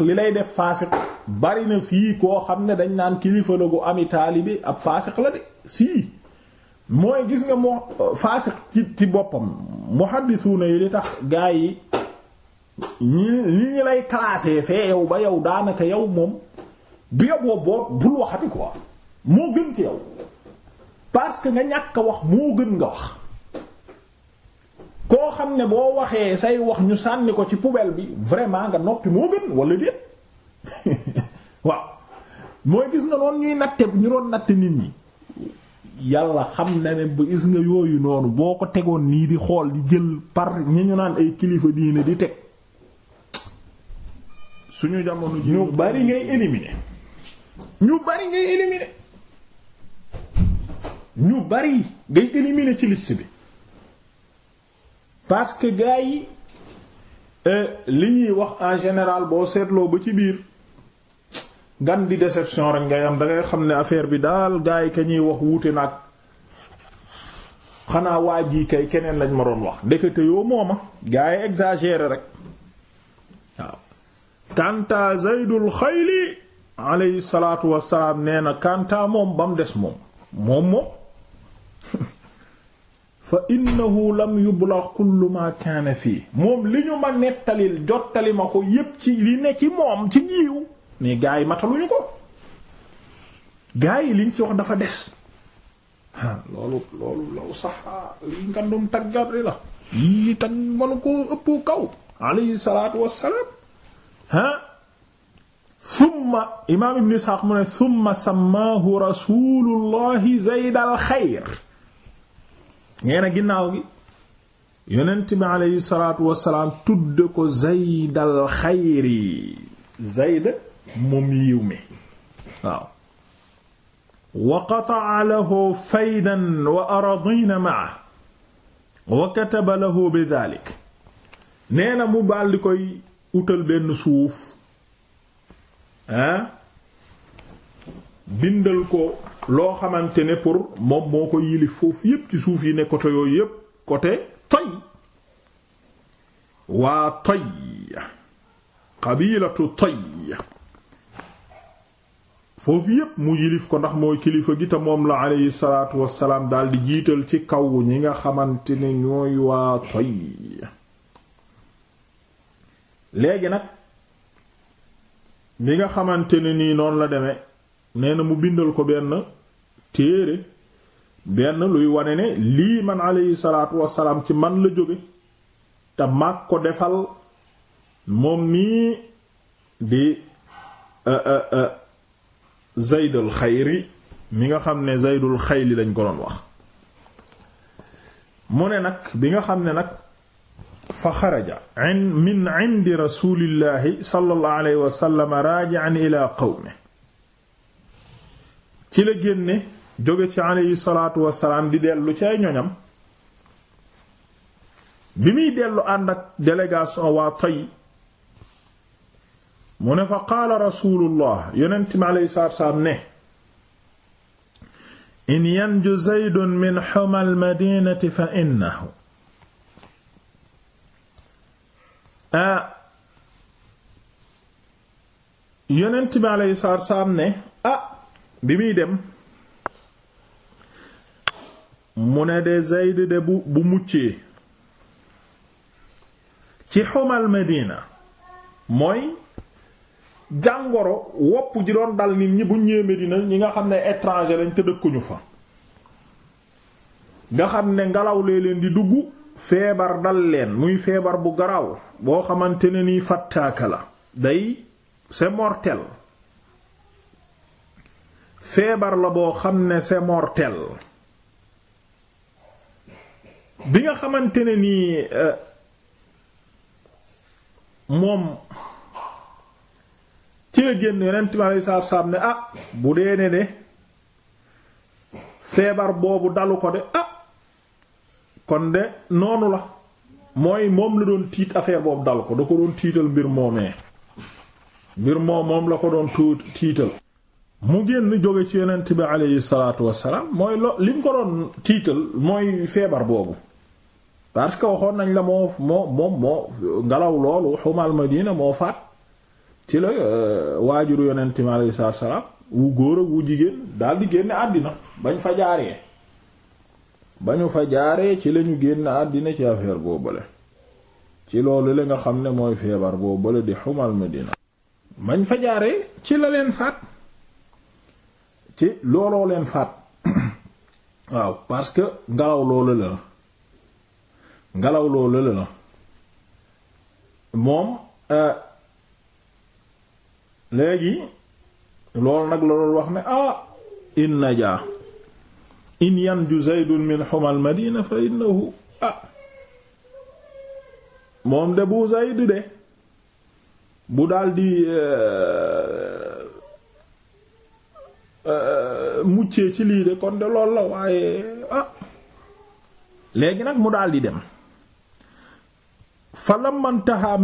li lay def faasiq bari na fii koo xam ne dañ naan kilifa gu ami taalibe ab faasiq la de sii mooy gis nga moo faasiq ci ci boppam muhaddisuuna yi li tax gaa yi ñi ñi lay classé fee yow ba yow daanaka yow moom. bi nga boobu bul waxati quoi moo gën ci yow parce que nga ñàkk a wax moo gën nga wax koo xam ne boo waxee say wax ñu sànni ko ci poubelle bi vraiment nga noppi moo gën wala déet (laughs) waaw mooy gis nga noonu ñuy natte ñu doon natte nit ñi yàlla xam na ne ba gis nga yooyu noonu boo ko tegoon nii di xool di jël par ñi ñu naan ay kilifa diine di teg suñu jamono ji ñu bari ngay éliminer ñu bari ngay éliminer ñu bari ngay éliminer ci liste bi parce que gars yi euh, li ñuy wax en général boo seetloo ba ci biir gan di déception rek ngay am dangay xam ne affaire bi daal gars yi ka ñuy wax wuute nag xanaa waa jii kay keneen lañ ma doon wax dëkkate yoo mooma gars yi exagéré rek waaw kanta Zaydul Xayli alayhi salaatu wassalaam nee na kantaa moom ba mu des moom moom moom (laughs) fa innahu lam yublax kullu ma kaana fii moom li ñu ma nettalil jottali ma ko yépp ci li ne ci moom ci jiiw mais gaa yi mataluñu ko gaa yi liñ ci wax dafa des ah loolu loolu law sax ah, li ngandum taggat li la lii tag manu ko ëpp kaw alayhi salaatu wassalaam ah summa imaam ibn isxaaq mu ne summa sammaahu rasulullahi zayd al xayr nee na ginnaaw gi yonent bi aleyhi salaatu wasalaam tudde ko zayd al xayri zayd moom yiw mi waaw wa qata'a lahu faydan wa aradina ma'ahu wa kataba lahu bi daalik nee na mu baal di koy utal benn suuf hein bindal ko loo xamante ne pour moom moo ko yili foofu yépp suuf yi ne côté yooyu yépp côté toy waa toy qabilatu toy foofu yépp mu yilif ko ndax mooy kilifa gi te moom la aleyhi salaatu wassalaam daal di jiital ci kaw ñi nga xamante ne ñooy waa toy léegi nag bi nga xamante ne nii noonu la deme neena mu bindal ko benn téere benn luy wane ne lii man aleyhi salaatu wasalaam ci man la jóge te mag ko defal moom mii di euh, euh, euh, zaydul xayri mi nga xam ne zaydul xayli lañ ko doon wax mu ne nag bi nga xam ne nag fa xaraja min indi rasulillahi sallallahu ila qawmi ci la génne jóge ci alayhi salaatu wasalaam di dellu ci ay ñoñam bi muy dellu ànd ak délégation waa toy mu ne fa qaala rasulullah yonent mi alayhi salaatu wasalaam ne in yanju zaydun min xumal madinati fa innahu ah yonent bi alayhi salaatu ne ah bi muy dem mu ne de Zayd de bu bu muccee ci xumal Medina mooy jàngoro wopp ji doon dal nit ñi bu ñëwee Medina ñi nga xam ne étranger lañ te dëkkuñu fa nga xam ne ngelaw lee leen di dugg feebar dal leen muy feebar bu garaaw boo xamante ne nii fattaaka la day c'est mortel feebar la boo xam ne c'est mortel bi nga xamante ne nii euh, moom ci la génn yonent mi saab saab ne ah bu dee ne de feebar boobu dalu ko de ah, kon de noonu la mooy moom la doon tiit affaire boobu dal ko da ko doon tiital mbir moomee mbir moom moom la ko doon tuut tiital mu génn jóge ci yonent bi aleyhi salaatu wassalaam mooy lo li ko doon tiital mooy feebar boobu parce que waxoon nañ la moo moo moom moo ngelaw loolu xumal madina moo faat ci la euh, waajuru yonent bi aleyhi salaatu wu góor ak wu jigéen daal di génne àddina bañ fa jaaree bañu fa jaaree ci lañu génn àddina ci affaire boobale ci loolu la nga xam ne mooy feebar boobale di xumal dina mañ fa jaaree ci la leen faat ci looloo leen faat (coughs) waaw parce que ngelaw loolu la ngelaw loolu la moom euh, léegi loolu nag la doon wax ne ah inna jaa in yanju zaydun min xumal madina fa innahu ah moom de bu zayd de bu daldi eh, eh, muccee ci lii de kon de lool la waaye ah, léegi nag mu daldi dem fa lamma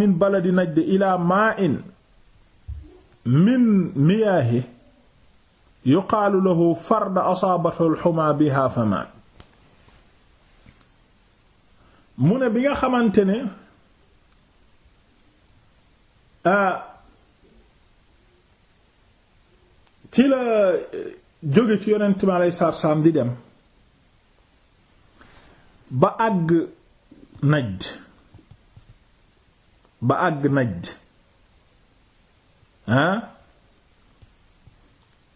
min baladi najd ila ma'in min miyaahi yuqaalu lahu farda asaabathu alxumaa biha famaan mu ne bi nga xamante ne ci la eh, jóge ci yonent mi di dem ba àgg Najd ba àgg Najd ah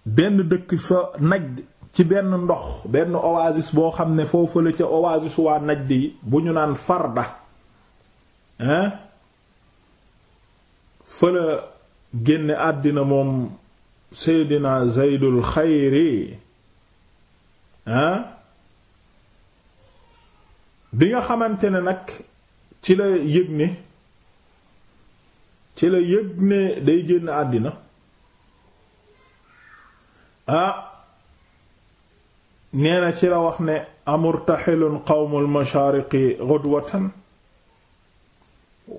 benn dëkk fa Najd ci benn ndox benn oasis boo xam ne foofu la ca oasis waa Najd bi bu ñu naan Farda hein fa génne àddina moom Seydina Zaydul Xayri hein bi nga xamante ne nag ci la yëg ne ci la yëg ne day jénn àddina ah nee na ci la wax ne amurtaxilun qawmu lmashaariqi ghudwatan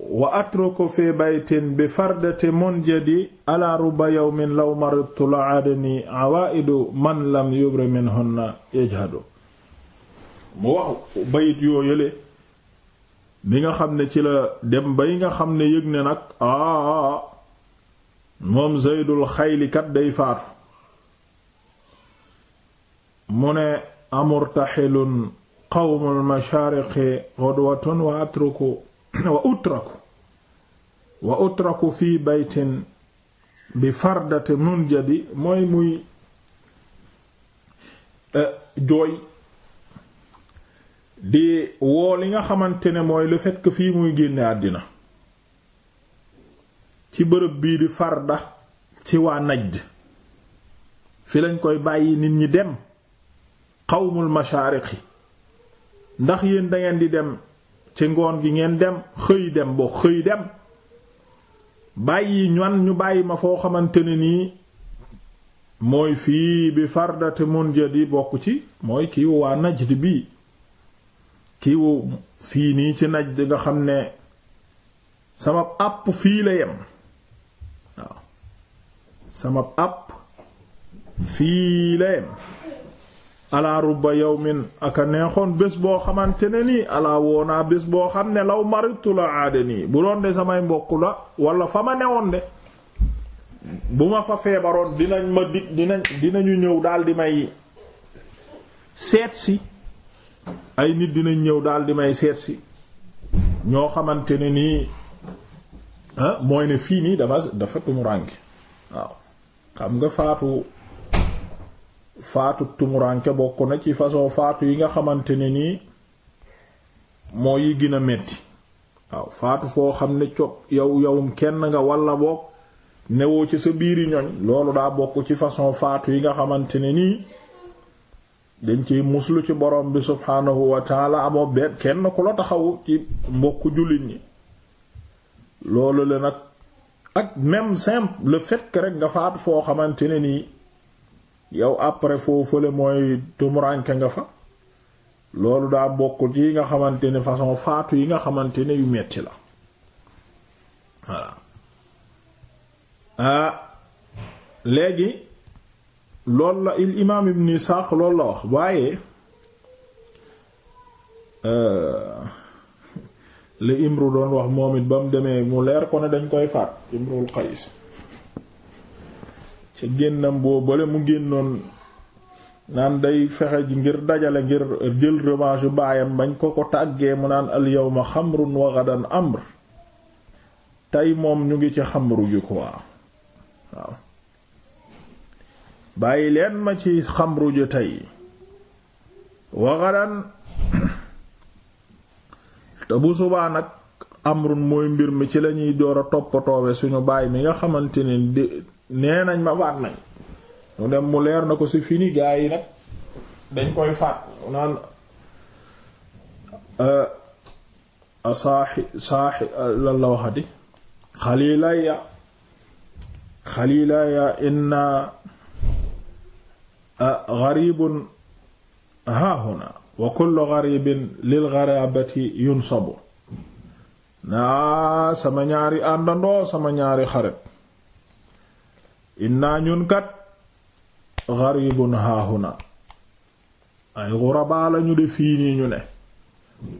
wa atruku fi baytin bi fardati munjadi ala ruba yawmin law maridtu la aadani awaa'idu man lam yubri minhunna yajhadu mu wax bayit yoo yële bi nga xam ne ci la dem bay nga xam ne yëg ne nag aa ah, moom Zaydul Xayli kat day faatu mu ne amurtaxilun qawmul mashaariqi ghadwatun wa atruku wa utraku fi baytin bi fardati munjadi mooy muy e, jooy di woo li nga xamante ne mooy le fait fii muy génne àddina ci bërëb bii di farda ci waa najd fi lañ koy bàyyi nit ñi dem qawmul xi ndax yéen dangeen di dem ci ngoon gi ngeen dem xëy dem boo xëy dem bàyyi ñan ñu bàyyi ma foo xamante ne nii mooy fii bi fardate munjadi bokk ci mooy kiiwu waa najd bii kiiwu fii nii ci najd nga xam ne sama àpp fii la yem waaw sama àpp fii la yem alaa rubba yawmin aka neexoon bés boo xamante ne nii alaa woonaa bés boo xam ne law maritu la aada nii bu doon de samay mbokk la wala fa ma newoon de bu ma fa feebaroon dinañ ma dig dinañ dinañu ñëw daal di may seet si ay nit dinañ ñëw daal di may seet si ñoo xamante ne nii ah, mooy ne fii nii dafa dafa tumurànke waaw xam nga faatu faatu tumuraanke bokk na ci façon faatu yi nga xamante ne nii moo yi gën metti waaw faatu foo xam ne cop yow yowum kenn nga walla bokk newoo ci sa biiri ñoñ loolu daa bokk ci façon faatu yi nga xamante ne nii dañ ci muslu ci borom bi subhaanahu wa taala amoo benn kenn ku la taxaw ci mbokku jullit ñi loolu la nag ak même simple le fait rek nga faatu foo xamante ne nii yow après foofu la mooy tumuranke nga fa loolu daa bokk yi nga xamante ne façon faatu yi nga xamante ne yu metti la voilà ah, léegi loolu la il imaam ibn Isaaq loolu la wax waaye euh, (laughs) li Imru doon wax moom it ba mu demee mu leer ko ne dañ koy faat Imrul Qays ca génnam boo bale mu génnoon naan day fexe ji ngir dajale ngir jël yu baayam bañ ko ko tàggee mu naan al yawma xamrun wa gadan amr tey moom ñu ngi ci xamru ji quoi bàyyi leen ma ci xamru tey wa gadan te bu subaa nag amrun mooy mbir mi ci lañuy door a toppatoowe suñu baay mi nga xamante ne nee nañ ma waat nañ mu dem mu leer na ko si fini gaa yi nag dañ koy faat naan euh, saaxi saaxi lan la waxati xalilaya xalilaya inna garibun haahuna wa kullu garibin lil garabati yunsabu naa sama ñaari àndandoo sama ñaari xarit inna ñun kat gharibun haahuna ay ghuraba lañu de fii ñu ne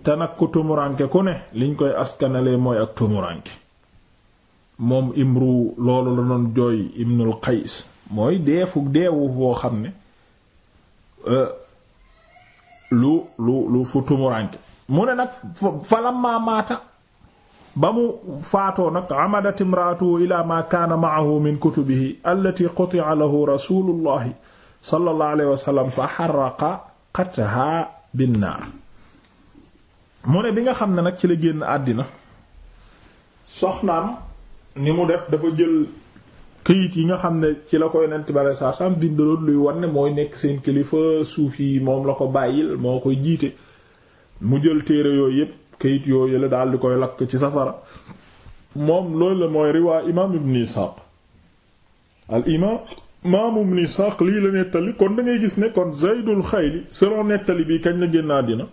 te nag ku tumuranke ku ne liñ koy askanalee mooy ak tumuranke moom imru loolu la doon jooy ibnul qays mooy fu deewu boo xam ne euh, lu lu lu fu tumuranke mu ne nag falam maamaata ba mu faatoo nag amadat imraatuhu ila ma mu ne bi nga xam ne nag ci la génn àddina soxnaam ni mu dafa jël këyit yi nga xam ne ci la ko yonent bi alei kilifa suuf yi la ko moo koy jiite mu jël téere yooyu yépp këyit yoo yële daal di koy lakk ci safara moom loolu la mooy riwaa imaam ibn al imaam imaam lii la nettali kon da ngay gis ne kon Zaydul Xayli selon nettali bi kañ la génn àddina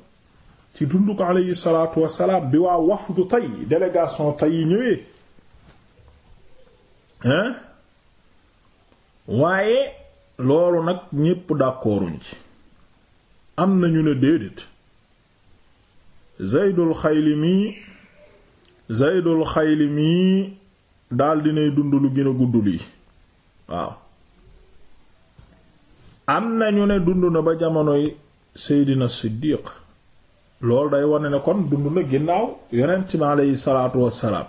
ci dund ko aleyhi salaatu wasalaam bi waa wafdu tay délégation tay yi ñëwee hein waaye loolu nag ñépp d'accorduñ ci am nañu ne déedéet Zaydul Xayli mii Zaydul Xayli mii daldi dinay dund lu gën gudd lii waaw am na ñu ne dund na ba jamonoy Seydina Siddiq loolu day wone ne kon dund na ginnaaw yonent bi aleyhi salaatu wassalaam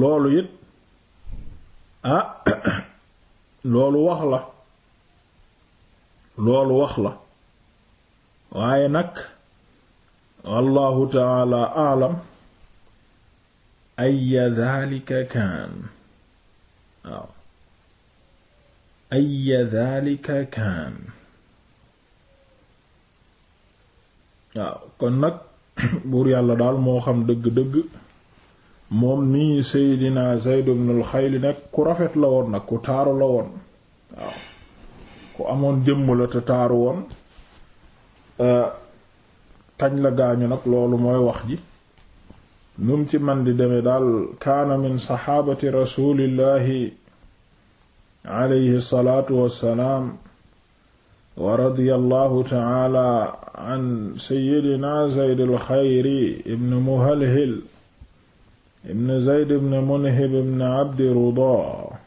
loolu it ah (coughs) loolu wax la loolu wax la waaye nag wallahu taala aalam aya dalika kaan waaw aya dalika kaan waaw kon nag (coughs) buur yàlla daal moo xam dëgg-dëgg moom nii seydina Zayd ibnul Xayli nag ku rafet la woon nag ku taaru la woon waaw ku amoon jëmm la te taaru woon euh, kañ la gaañu nag loolu mooy wax ji num ci man di deme daal kaana min saxaabati rasulillahi alayhi salaatu wassalaam wa radiyallahu taala an sayyidina zayd alxayri ibn muhalhil ibn zayd ibn munhib ibn abdi rudaa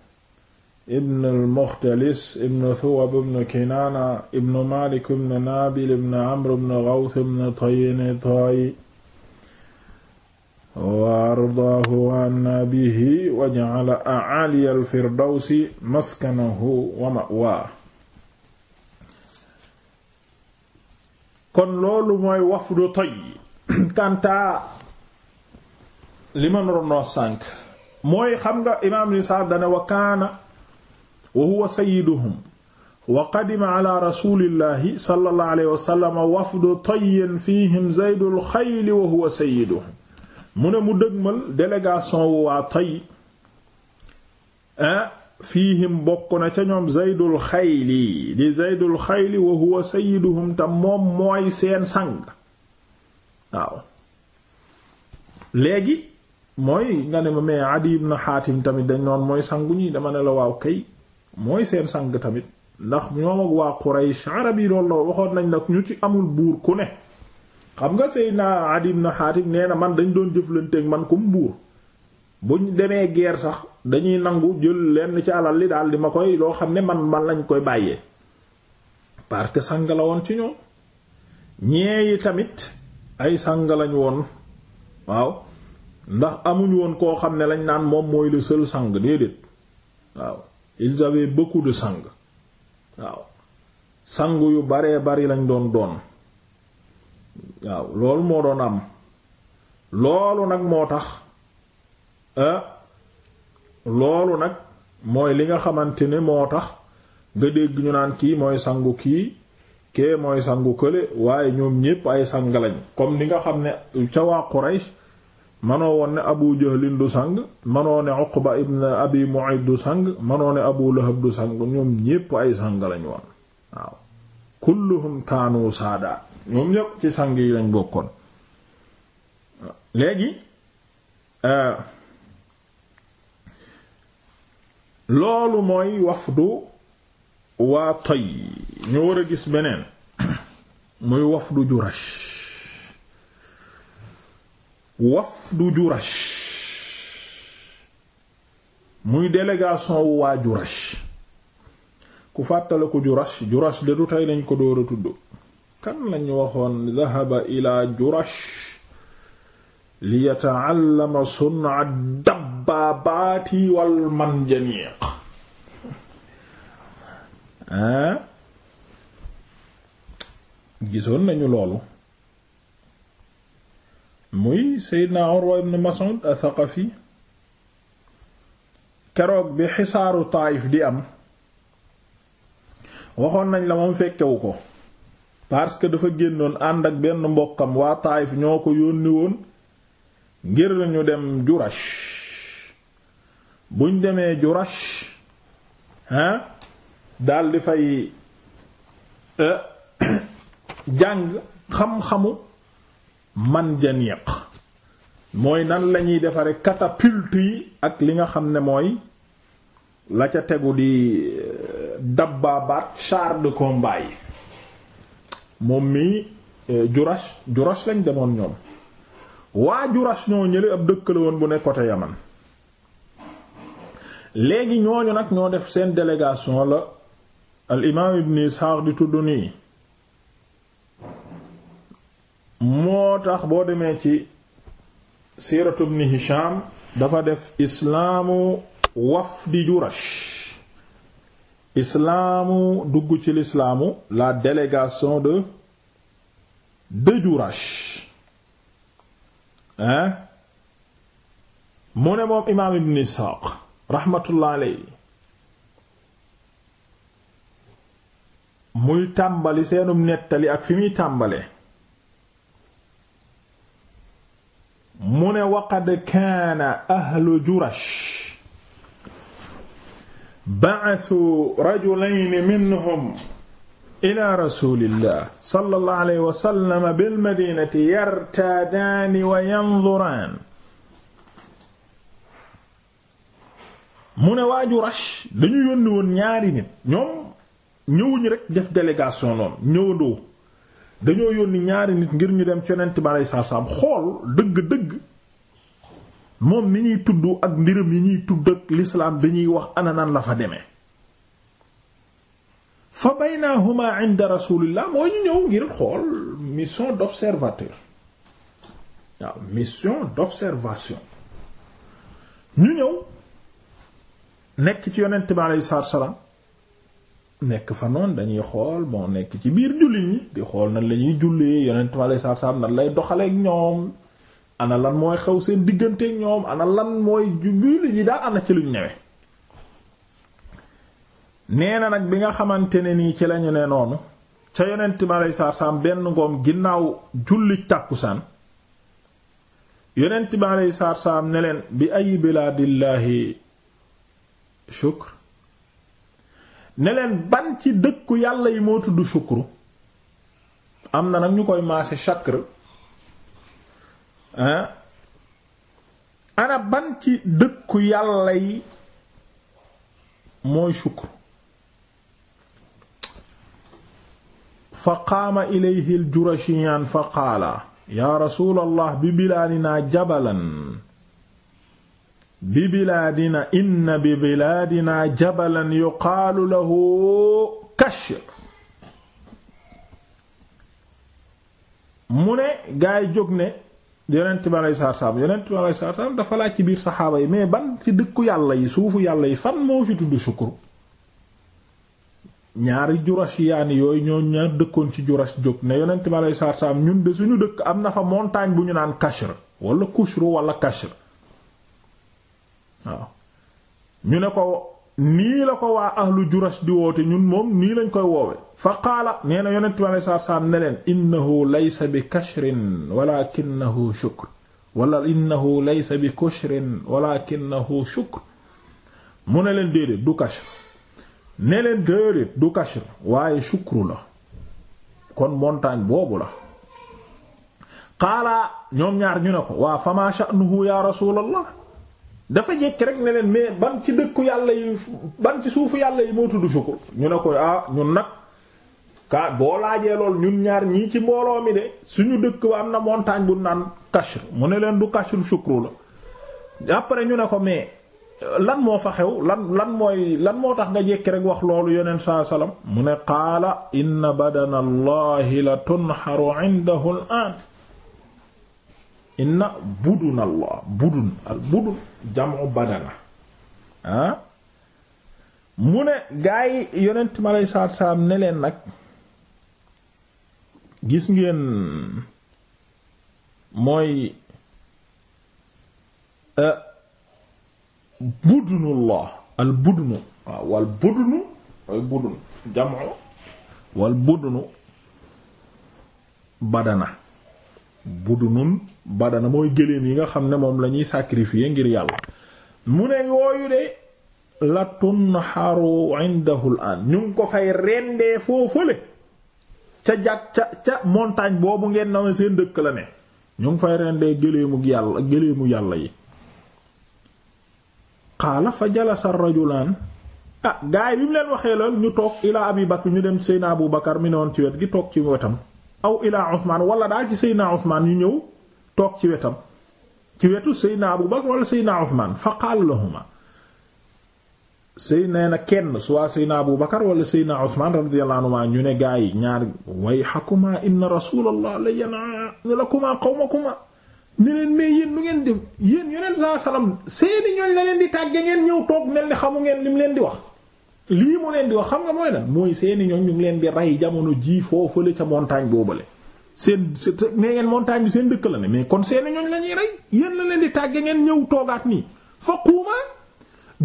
ibn al-Mukhtalis ibn Thuwab ibn Kinaana ibn Maalik ibn Naabil ibn Amr ibn Ghawth ibn Taynitai wa ardaahu an abiihi wa ja'ala a'aaliya al-firdawsi maskanahu wa ma'waahu kon loolu mooy wafdu Tay (clears throat) kantaa li ma naroon noo sànk mooy xam nga imaam Nisaa dana wa kaana wa huwa sayyiduhum wa qadima ala rasulillahi sallallahu alayhi wa sallam wafdu tayyin fihim zaydul xayli waa Tayy ah, fiihim bokk ca ñoom zaydul xayli di zaydul xayli wa huwa sayyiduhum te moom mooy seen sang léegi mooy nga ne ma mais Adi ibn Xaatim tamit dañ noon mooy sangu dama ne la waaw kay mooy seen sang tamit ndax ñoom ak waa Quraysh arab yi loolu la waxoon nañ nag ñu ci amul buur ku ne xam nga Seydina Adi ibn Hatim nee na man dañ doon jëflanteeg man comme buur buñ demee guerre sax dañuy nangu jël lenn ci alal li daal di ma koy loo xam ne man man lañ koy bàyyee parce que sang la woon ci ñoom yi tamit ay sang lañ woon waaw ndax amuñu woon koo xam ne lañ naan moom mooy la seul sang déedéet waaw ils avaient beaucoup de sang waaw sang yu baree bari lañ doon doon waaw loolu moo doon am loolu nag moo tax ah, loolu nag mooy li nga xamante ne moo tax nga dégg ñu naan kii mooy sangu kii kee mooy sangu kële waaye ñoom ñépp ay sang lañ comme ni nga xam ne ca waa Quraysh manoo woon ne abu jahlin du sang manoo ne du sang manoo ne abu lahab du sang ñoom ñépp ay sang lañu woon waaw kulluhum kaanu saada ñoom ñépp ci sang yi lañ bokkoon léegi euh, loolu mooy wafdu waa toy ñu war a gis beneen muy wafdu jurash du Jurash muy délégation wu waa Jurash ku fàttale ko Jurash Jurash de tey lañ ko door a tudd kan lañu waxoon dahaba ila Jurash li yata'allama sun'a dabbaabaati wal manjaniq gisoon nañu loolu muy Seydina Urwa ibn Mas'ud athaqafi keroog bi xisaaru Taayif di am waxoon nañ la moom fekkewu ko parce que dafa génnoon ànd ak benn mbokkam waa Taayif ñoo ko yónni woon ngir nañu dem Jurash buñ demee Jurash hein daldi fay euh, (coughs) jàng xam-xamu man janiq mooy nan lañuy defaree catapulte yi ak li nga xam ne mooy la ca tegu di euh, dabbaabaat char de combat yi moom mi euh, Jurash Jurash lañ demoon ñoom waa Jurash ñoo ñële ab dëkk bu ne côté Yaman léegi ñooñu nag ñoo def seen délégation la al imaam ibn Ishaq di tudd nii moo tax boo demee ci siiratu ibn Hisham dafa def islaamu wafdi Jurash islaamu dugg ci l'islaamu la délégation de de Jurash hein mu ne moom imaam ibn Isxaaq rahmatullah alayhi muy tàmbali seenum nettali ak fi muy tàmbale mu ne waqad kaana ahlu jurash ba'athuu rajulayni minhum ila rasulillah sallallahu alayhi wa sallam bil madinati yartaadaani wa yanzuraan mu ne waa jurash dañu yónni woon ñaari nit ñoom ñëwuñu rek def délégation noonu ñëwandoo dañoo yónni ñaari nit ngir ñu dem ci yonent bi aleyhi salaatu salaam xool dëgg-dëgg moom ni ñuy tudd ak mbiram yi ñuy tudd ak lislaam ñuy wax ananaan la fa demee fa baynahuma inda rasulillah mooy ñu ngir xool mission d'observateur waaw mission d'observation ñu ñëw nekk ci yonent bi aleyhi salaatu salaam nekk fa noon dañuy xool moo nekk ci biir jullit yi di xool nan la ñuy jullee yonent ma lay saab lay doxaleek ñoom ana lan mooy xew seen digganteek ñoom ana lan mooy jullit yi daal ana ci luñ newe nee na nag bi nga xamante ne nii ci lañu ne noonu ca yonent ma benn ngoom ginnaaw julli tàkkusaan yonent ma lay saab bi ay bilaadillaahi shukr ne ban ci dëkku yàlla yi moo tudd shukru am na nag ñu koy maase shakr hein ana ban ci dëkku yàlla yi mooy shukru fa qaama ilayhi al jurashiyaan fa qaala yaa rasuulallah bi bilaaninaa jabalan bi bilaadina inna bi bilaadina jabalan yuqaalu lahu kashr mu ne gaa yi jóg ne yonent bi aleyhi salaatu salaam yonent bi aleyhi salaatu salaam dafa laaj ci biir saxaaba yi mais ban ci dëkku yàlla yi suufu yàlla yi fan moo fi tudd sukkur ñaari jurashiyaani yooyu ñoo ñaar dëkkoon ci jurash jóg ne yonent bi aleyhi salaatu salaam ñun de suñu dëkk am na fa montagne bu ñu naan kashr wala kushru wala kashr waaw ñu ne ko nii la ko waa ahlu juras di woote ñun moom nii lañ koy woowe fa qaala nee na yonent bi alayhi salaatu salaam ne leen innahu laysa bi kashrin walakinahu shukr wala innahu laysa bi kushrin walakinahu shukr mu ne leen déedéet du kashr ne leen déedéet du kashr waaye shukru la kon montagne boobu la qaala ñoom ñaar ñu ne ko waa fama sha'nuhu ya rasulallah dafa jekk rek ne leen mais ban ci dëkku yàlla yi ban ci suufu yàlla yi moo tudd sukkur ñu ne ko ah ñun nag kaa boo laajee lool ñun ñaar ñii ci mbooloo mi de suñu dëkk am na montagne bu naan kashr mu ne leen du kashr sukkur la après ñu ne ko mais euh, lan moo fa xew lan lan mooy lan moo tax nga jekki rek wax loolu yeneen saa salaam mu ne qaala inna badana allahi la tunharu indahu al inna budun allah budun al budun jamu badana ah mu ne gaa yonent mi aleyhi salaatu salaam ne leen nag gis ngeen mooy eh, budunullah al budunu waaw wal budunu mooy budun jamu wal budunu badana budunun badana mooy gëléem yi nga xam ne moom lañuy ñuy ngir yàlla mu ne yooyu de la tunharu indahul an ñu ngi ko fay rendee foofale ca jàg ca ca montagne boobu ngeen nawe seen dëkk la ne ñu ngi fay rendee gëléemu yàlla gëléemu yàlla yi qaala fa jalasa rajulaan ah gaay bi mu leen waxee lool ñu toog ilaa abi bakr ñu dem seyna abu bakar mi ne woon ci wet gi toog ci wetam aw ilaa Usmaan wala daal ci Seydina Usmaan yu ñëw toog ci wetam ci wetu Seydina Abu Bakr wala Seydina Usmaan fa qaala lahumaa sëy nee na kenn soit Seydina Abu Bakr wala Seydina Usmaan radiyallahu anhumaa ñu ne gaa yi ñaar wayhakumaa inna rasuulallah layanaa lakumaa qawmakumaa ne leen mais yéen lu ngeen def yéen yonent saa salaam seeni ñooñ la leen di tàgge ngeen ñëw toog mel ni xamu ngeen lim leen di wax. lii mu leen di wax xam nga mooy lan mooy seeni ñoom ñu ngi leen di rey jamono ji foofale ca montagne la seen ne ngeen montagne bi seen dëkk la ne mais kon seeni ñooñ la ñuy rey yéen la leen di tàgge ngeen ñëw toogaat nii fa quuma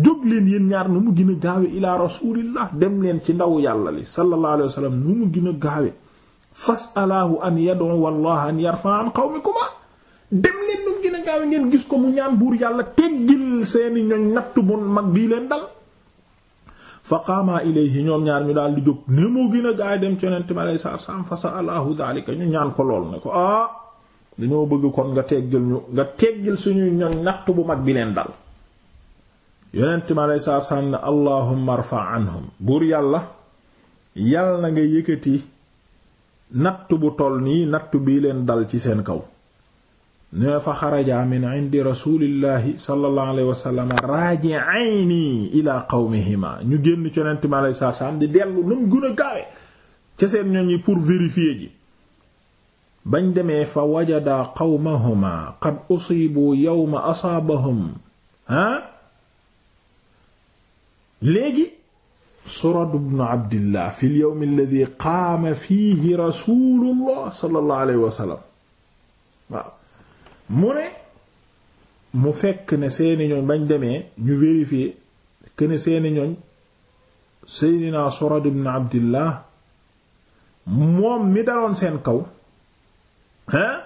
jóg leen yéen ñaar nu mu gën a gaawe ila rasulillah dem leen ci ndaw yàlla li sallallahu alayhi wa mu gën a gaawe fas alaahu an yad'u wallahi an yarfa an qawmikuma dem leen nu mu gën a gaawe ngeen gis ko mu ñaan buur yàlla teggil seeni ñooñ natt bu mag bii leen dal fa qaama ilayhi ñoom ñaar ñu daal di jóg ne moo gën a gaay dem ci yonent mi alayhi salaatu salaam fa sa'alahu daalika ñu ñaan ko lool ne ko ah dañoo bëgg kon nga teggil ñu nga teggil suñuy ñoñ natt bu mag bi leen dal yonent mi alayhi salaatu salaam ne allahumma arfa anhum buur yàlla yàlla na nga yëkkati natt bu toll nii natt bii leen dal ci seen kaw ne fa xaraja min indi rasulillahi sallallahu wa sallam raaji'ayni ila ñu génn ci yonent mi alayhi salaam di dellu nu mu gën gaawe ca seen ñoñ yi pour vérifier ji bañ demee fa wajada qawmahuma qad usibu yawma asaabahum ah léegi surad ibn abdillah fi al-yawm alladhi qaama fihi mu ne mu fekk ne seeni ñooñ bañ demee ñu vérifier que ne seeni ñooñ seydina Surad ibn Abdillah moom mi daloon seen kaw hein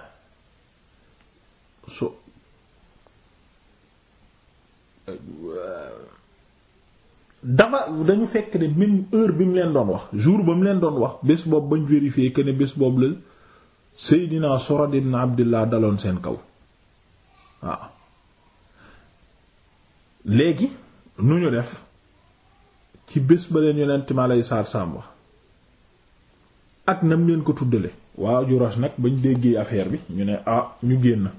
so dafa dañu fekk ne même heure bi mu leen doon wax jour ba mu leen doon wax bés boobu bañ vérifier que ne bés boobu la seydina Surad Abdillah daloon seen kaw waaw léegi nu ñu def ci bés ba leen yonent ma lay saar saam ak nam leen ko tuddale waaw Jurash nag bañ déggee affaire bi ñu ne ah ñu génn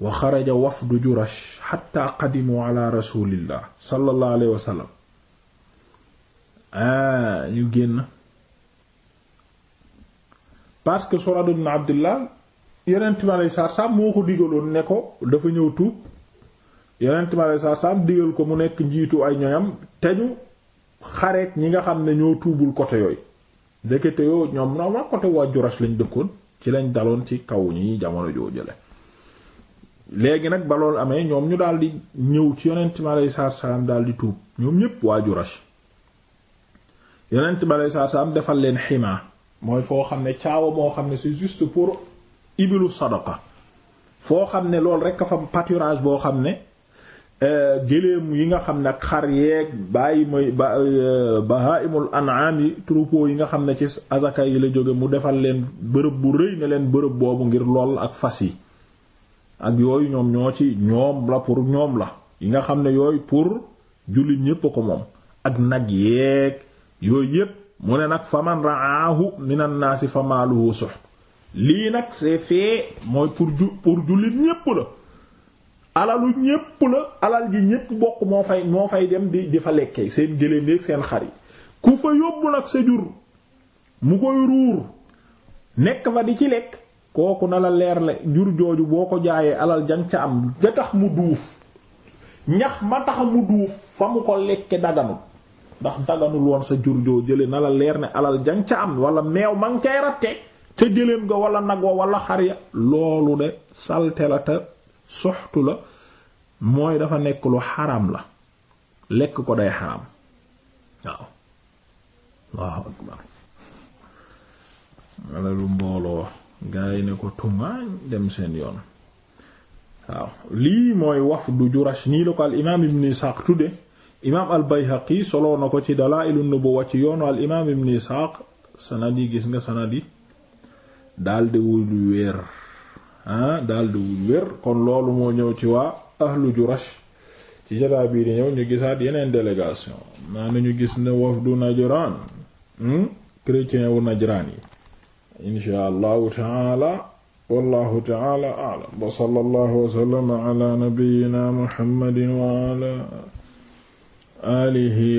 wa xaraja wafdu Jurash xatta qadimu ala rasulillah sallallahu alayhi wa sallam ah, ñu génn parce que Surad ibn Abdullah yeneen mi aleyhi salaatu salaam moo ko digaloon ne ko dafa ñëw tuub yonent mi aleyhi salaatu salaam digal ko mu nekk njiitu ay ñoñam te ñu xareet ñi nga xam ne ñoo tuubul côté yooyu ndekete yoo ñoom ñoom ak côté waa Jurash lañ dëkkoon ci lañ daloon ci kaw ñi jamono joo jële léegi nag ba loolu amee ñoom ñu daal di ñëw ci yonent mi aleyhi salaatu salaam daal di tuub ñoom ñépp waa Jurash yonent mi aleyhi salaatu defal leen ximaa mooy foo xam ne caawa moo xam ne si juste pour. ibilu sadaqa foo xam ne loolu rekk a fam pâturage boo xam ne euh, géléem yi nga xam ne ak xar yeeg bàyyi may euh, bahaimul an'am yi troupeau yi nga xam ne ci azaka yi la jóge mu defal leen bërëb bu rëy ne leen bërëb boobu ngir lool ak fas yi ak yooyu ñoom ñoo ci ñoom la pour ñoom la yi nga xam ne yooyu pour jullit ñépp a ko moom ak nag yeeg yooyu yépp mu ne nag faman raahu minan naasi famaaluhu suh lii nag c'est fait mooy pour ju pour jullit ñépp la alalu ñépp la alal ji ñépp bokk moo fay moo fay dem di di fa lekkee seen gëléem yeeg seen xar yi ku fa yóbbu nag sa jur mu koy ruur nekk fa di ci lekk kooku na la leer la jur jooju boo ko jaayee alal jang ca am da tax mu duuf ñax ma tax mu duuf fa mu ko lekke daganul ndax daganul woon sa jur joo jële na la leer ne alal jang ca am wala meew ma cay ratte ca géléem ga walla nag wa wala xar ya loolu de salte la te soxtu la mooy dafa nekk lu xaram la lekk ko day xaram waaw Allahu akbar lu mbooloo gaa yi ne ko tumaañ dem seen yoon waaw lii mooy wafdu Jurash nii la ko al imaam ibn Isaaq tudde imaam al Bayhaqi soloo na ko ci Dalaa'ilun Nubuwwa ci yoonu al imaam ibn Isaaq sanad yi gis nga sanad yi daldi ah, wul wér kon loolu moo ñëw ci waa ahlu Jurash ci jataa bii di ñëw ñu gisaat yeneen délégation naa nañu gis ne wafdu Najran hmm? chrétien wu Najran yi insha allahu taala wallahu taala a'lam wa sallallahu wa sallama ala nabiyyina muhammadin wa ala alihi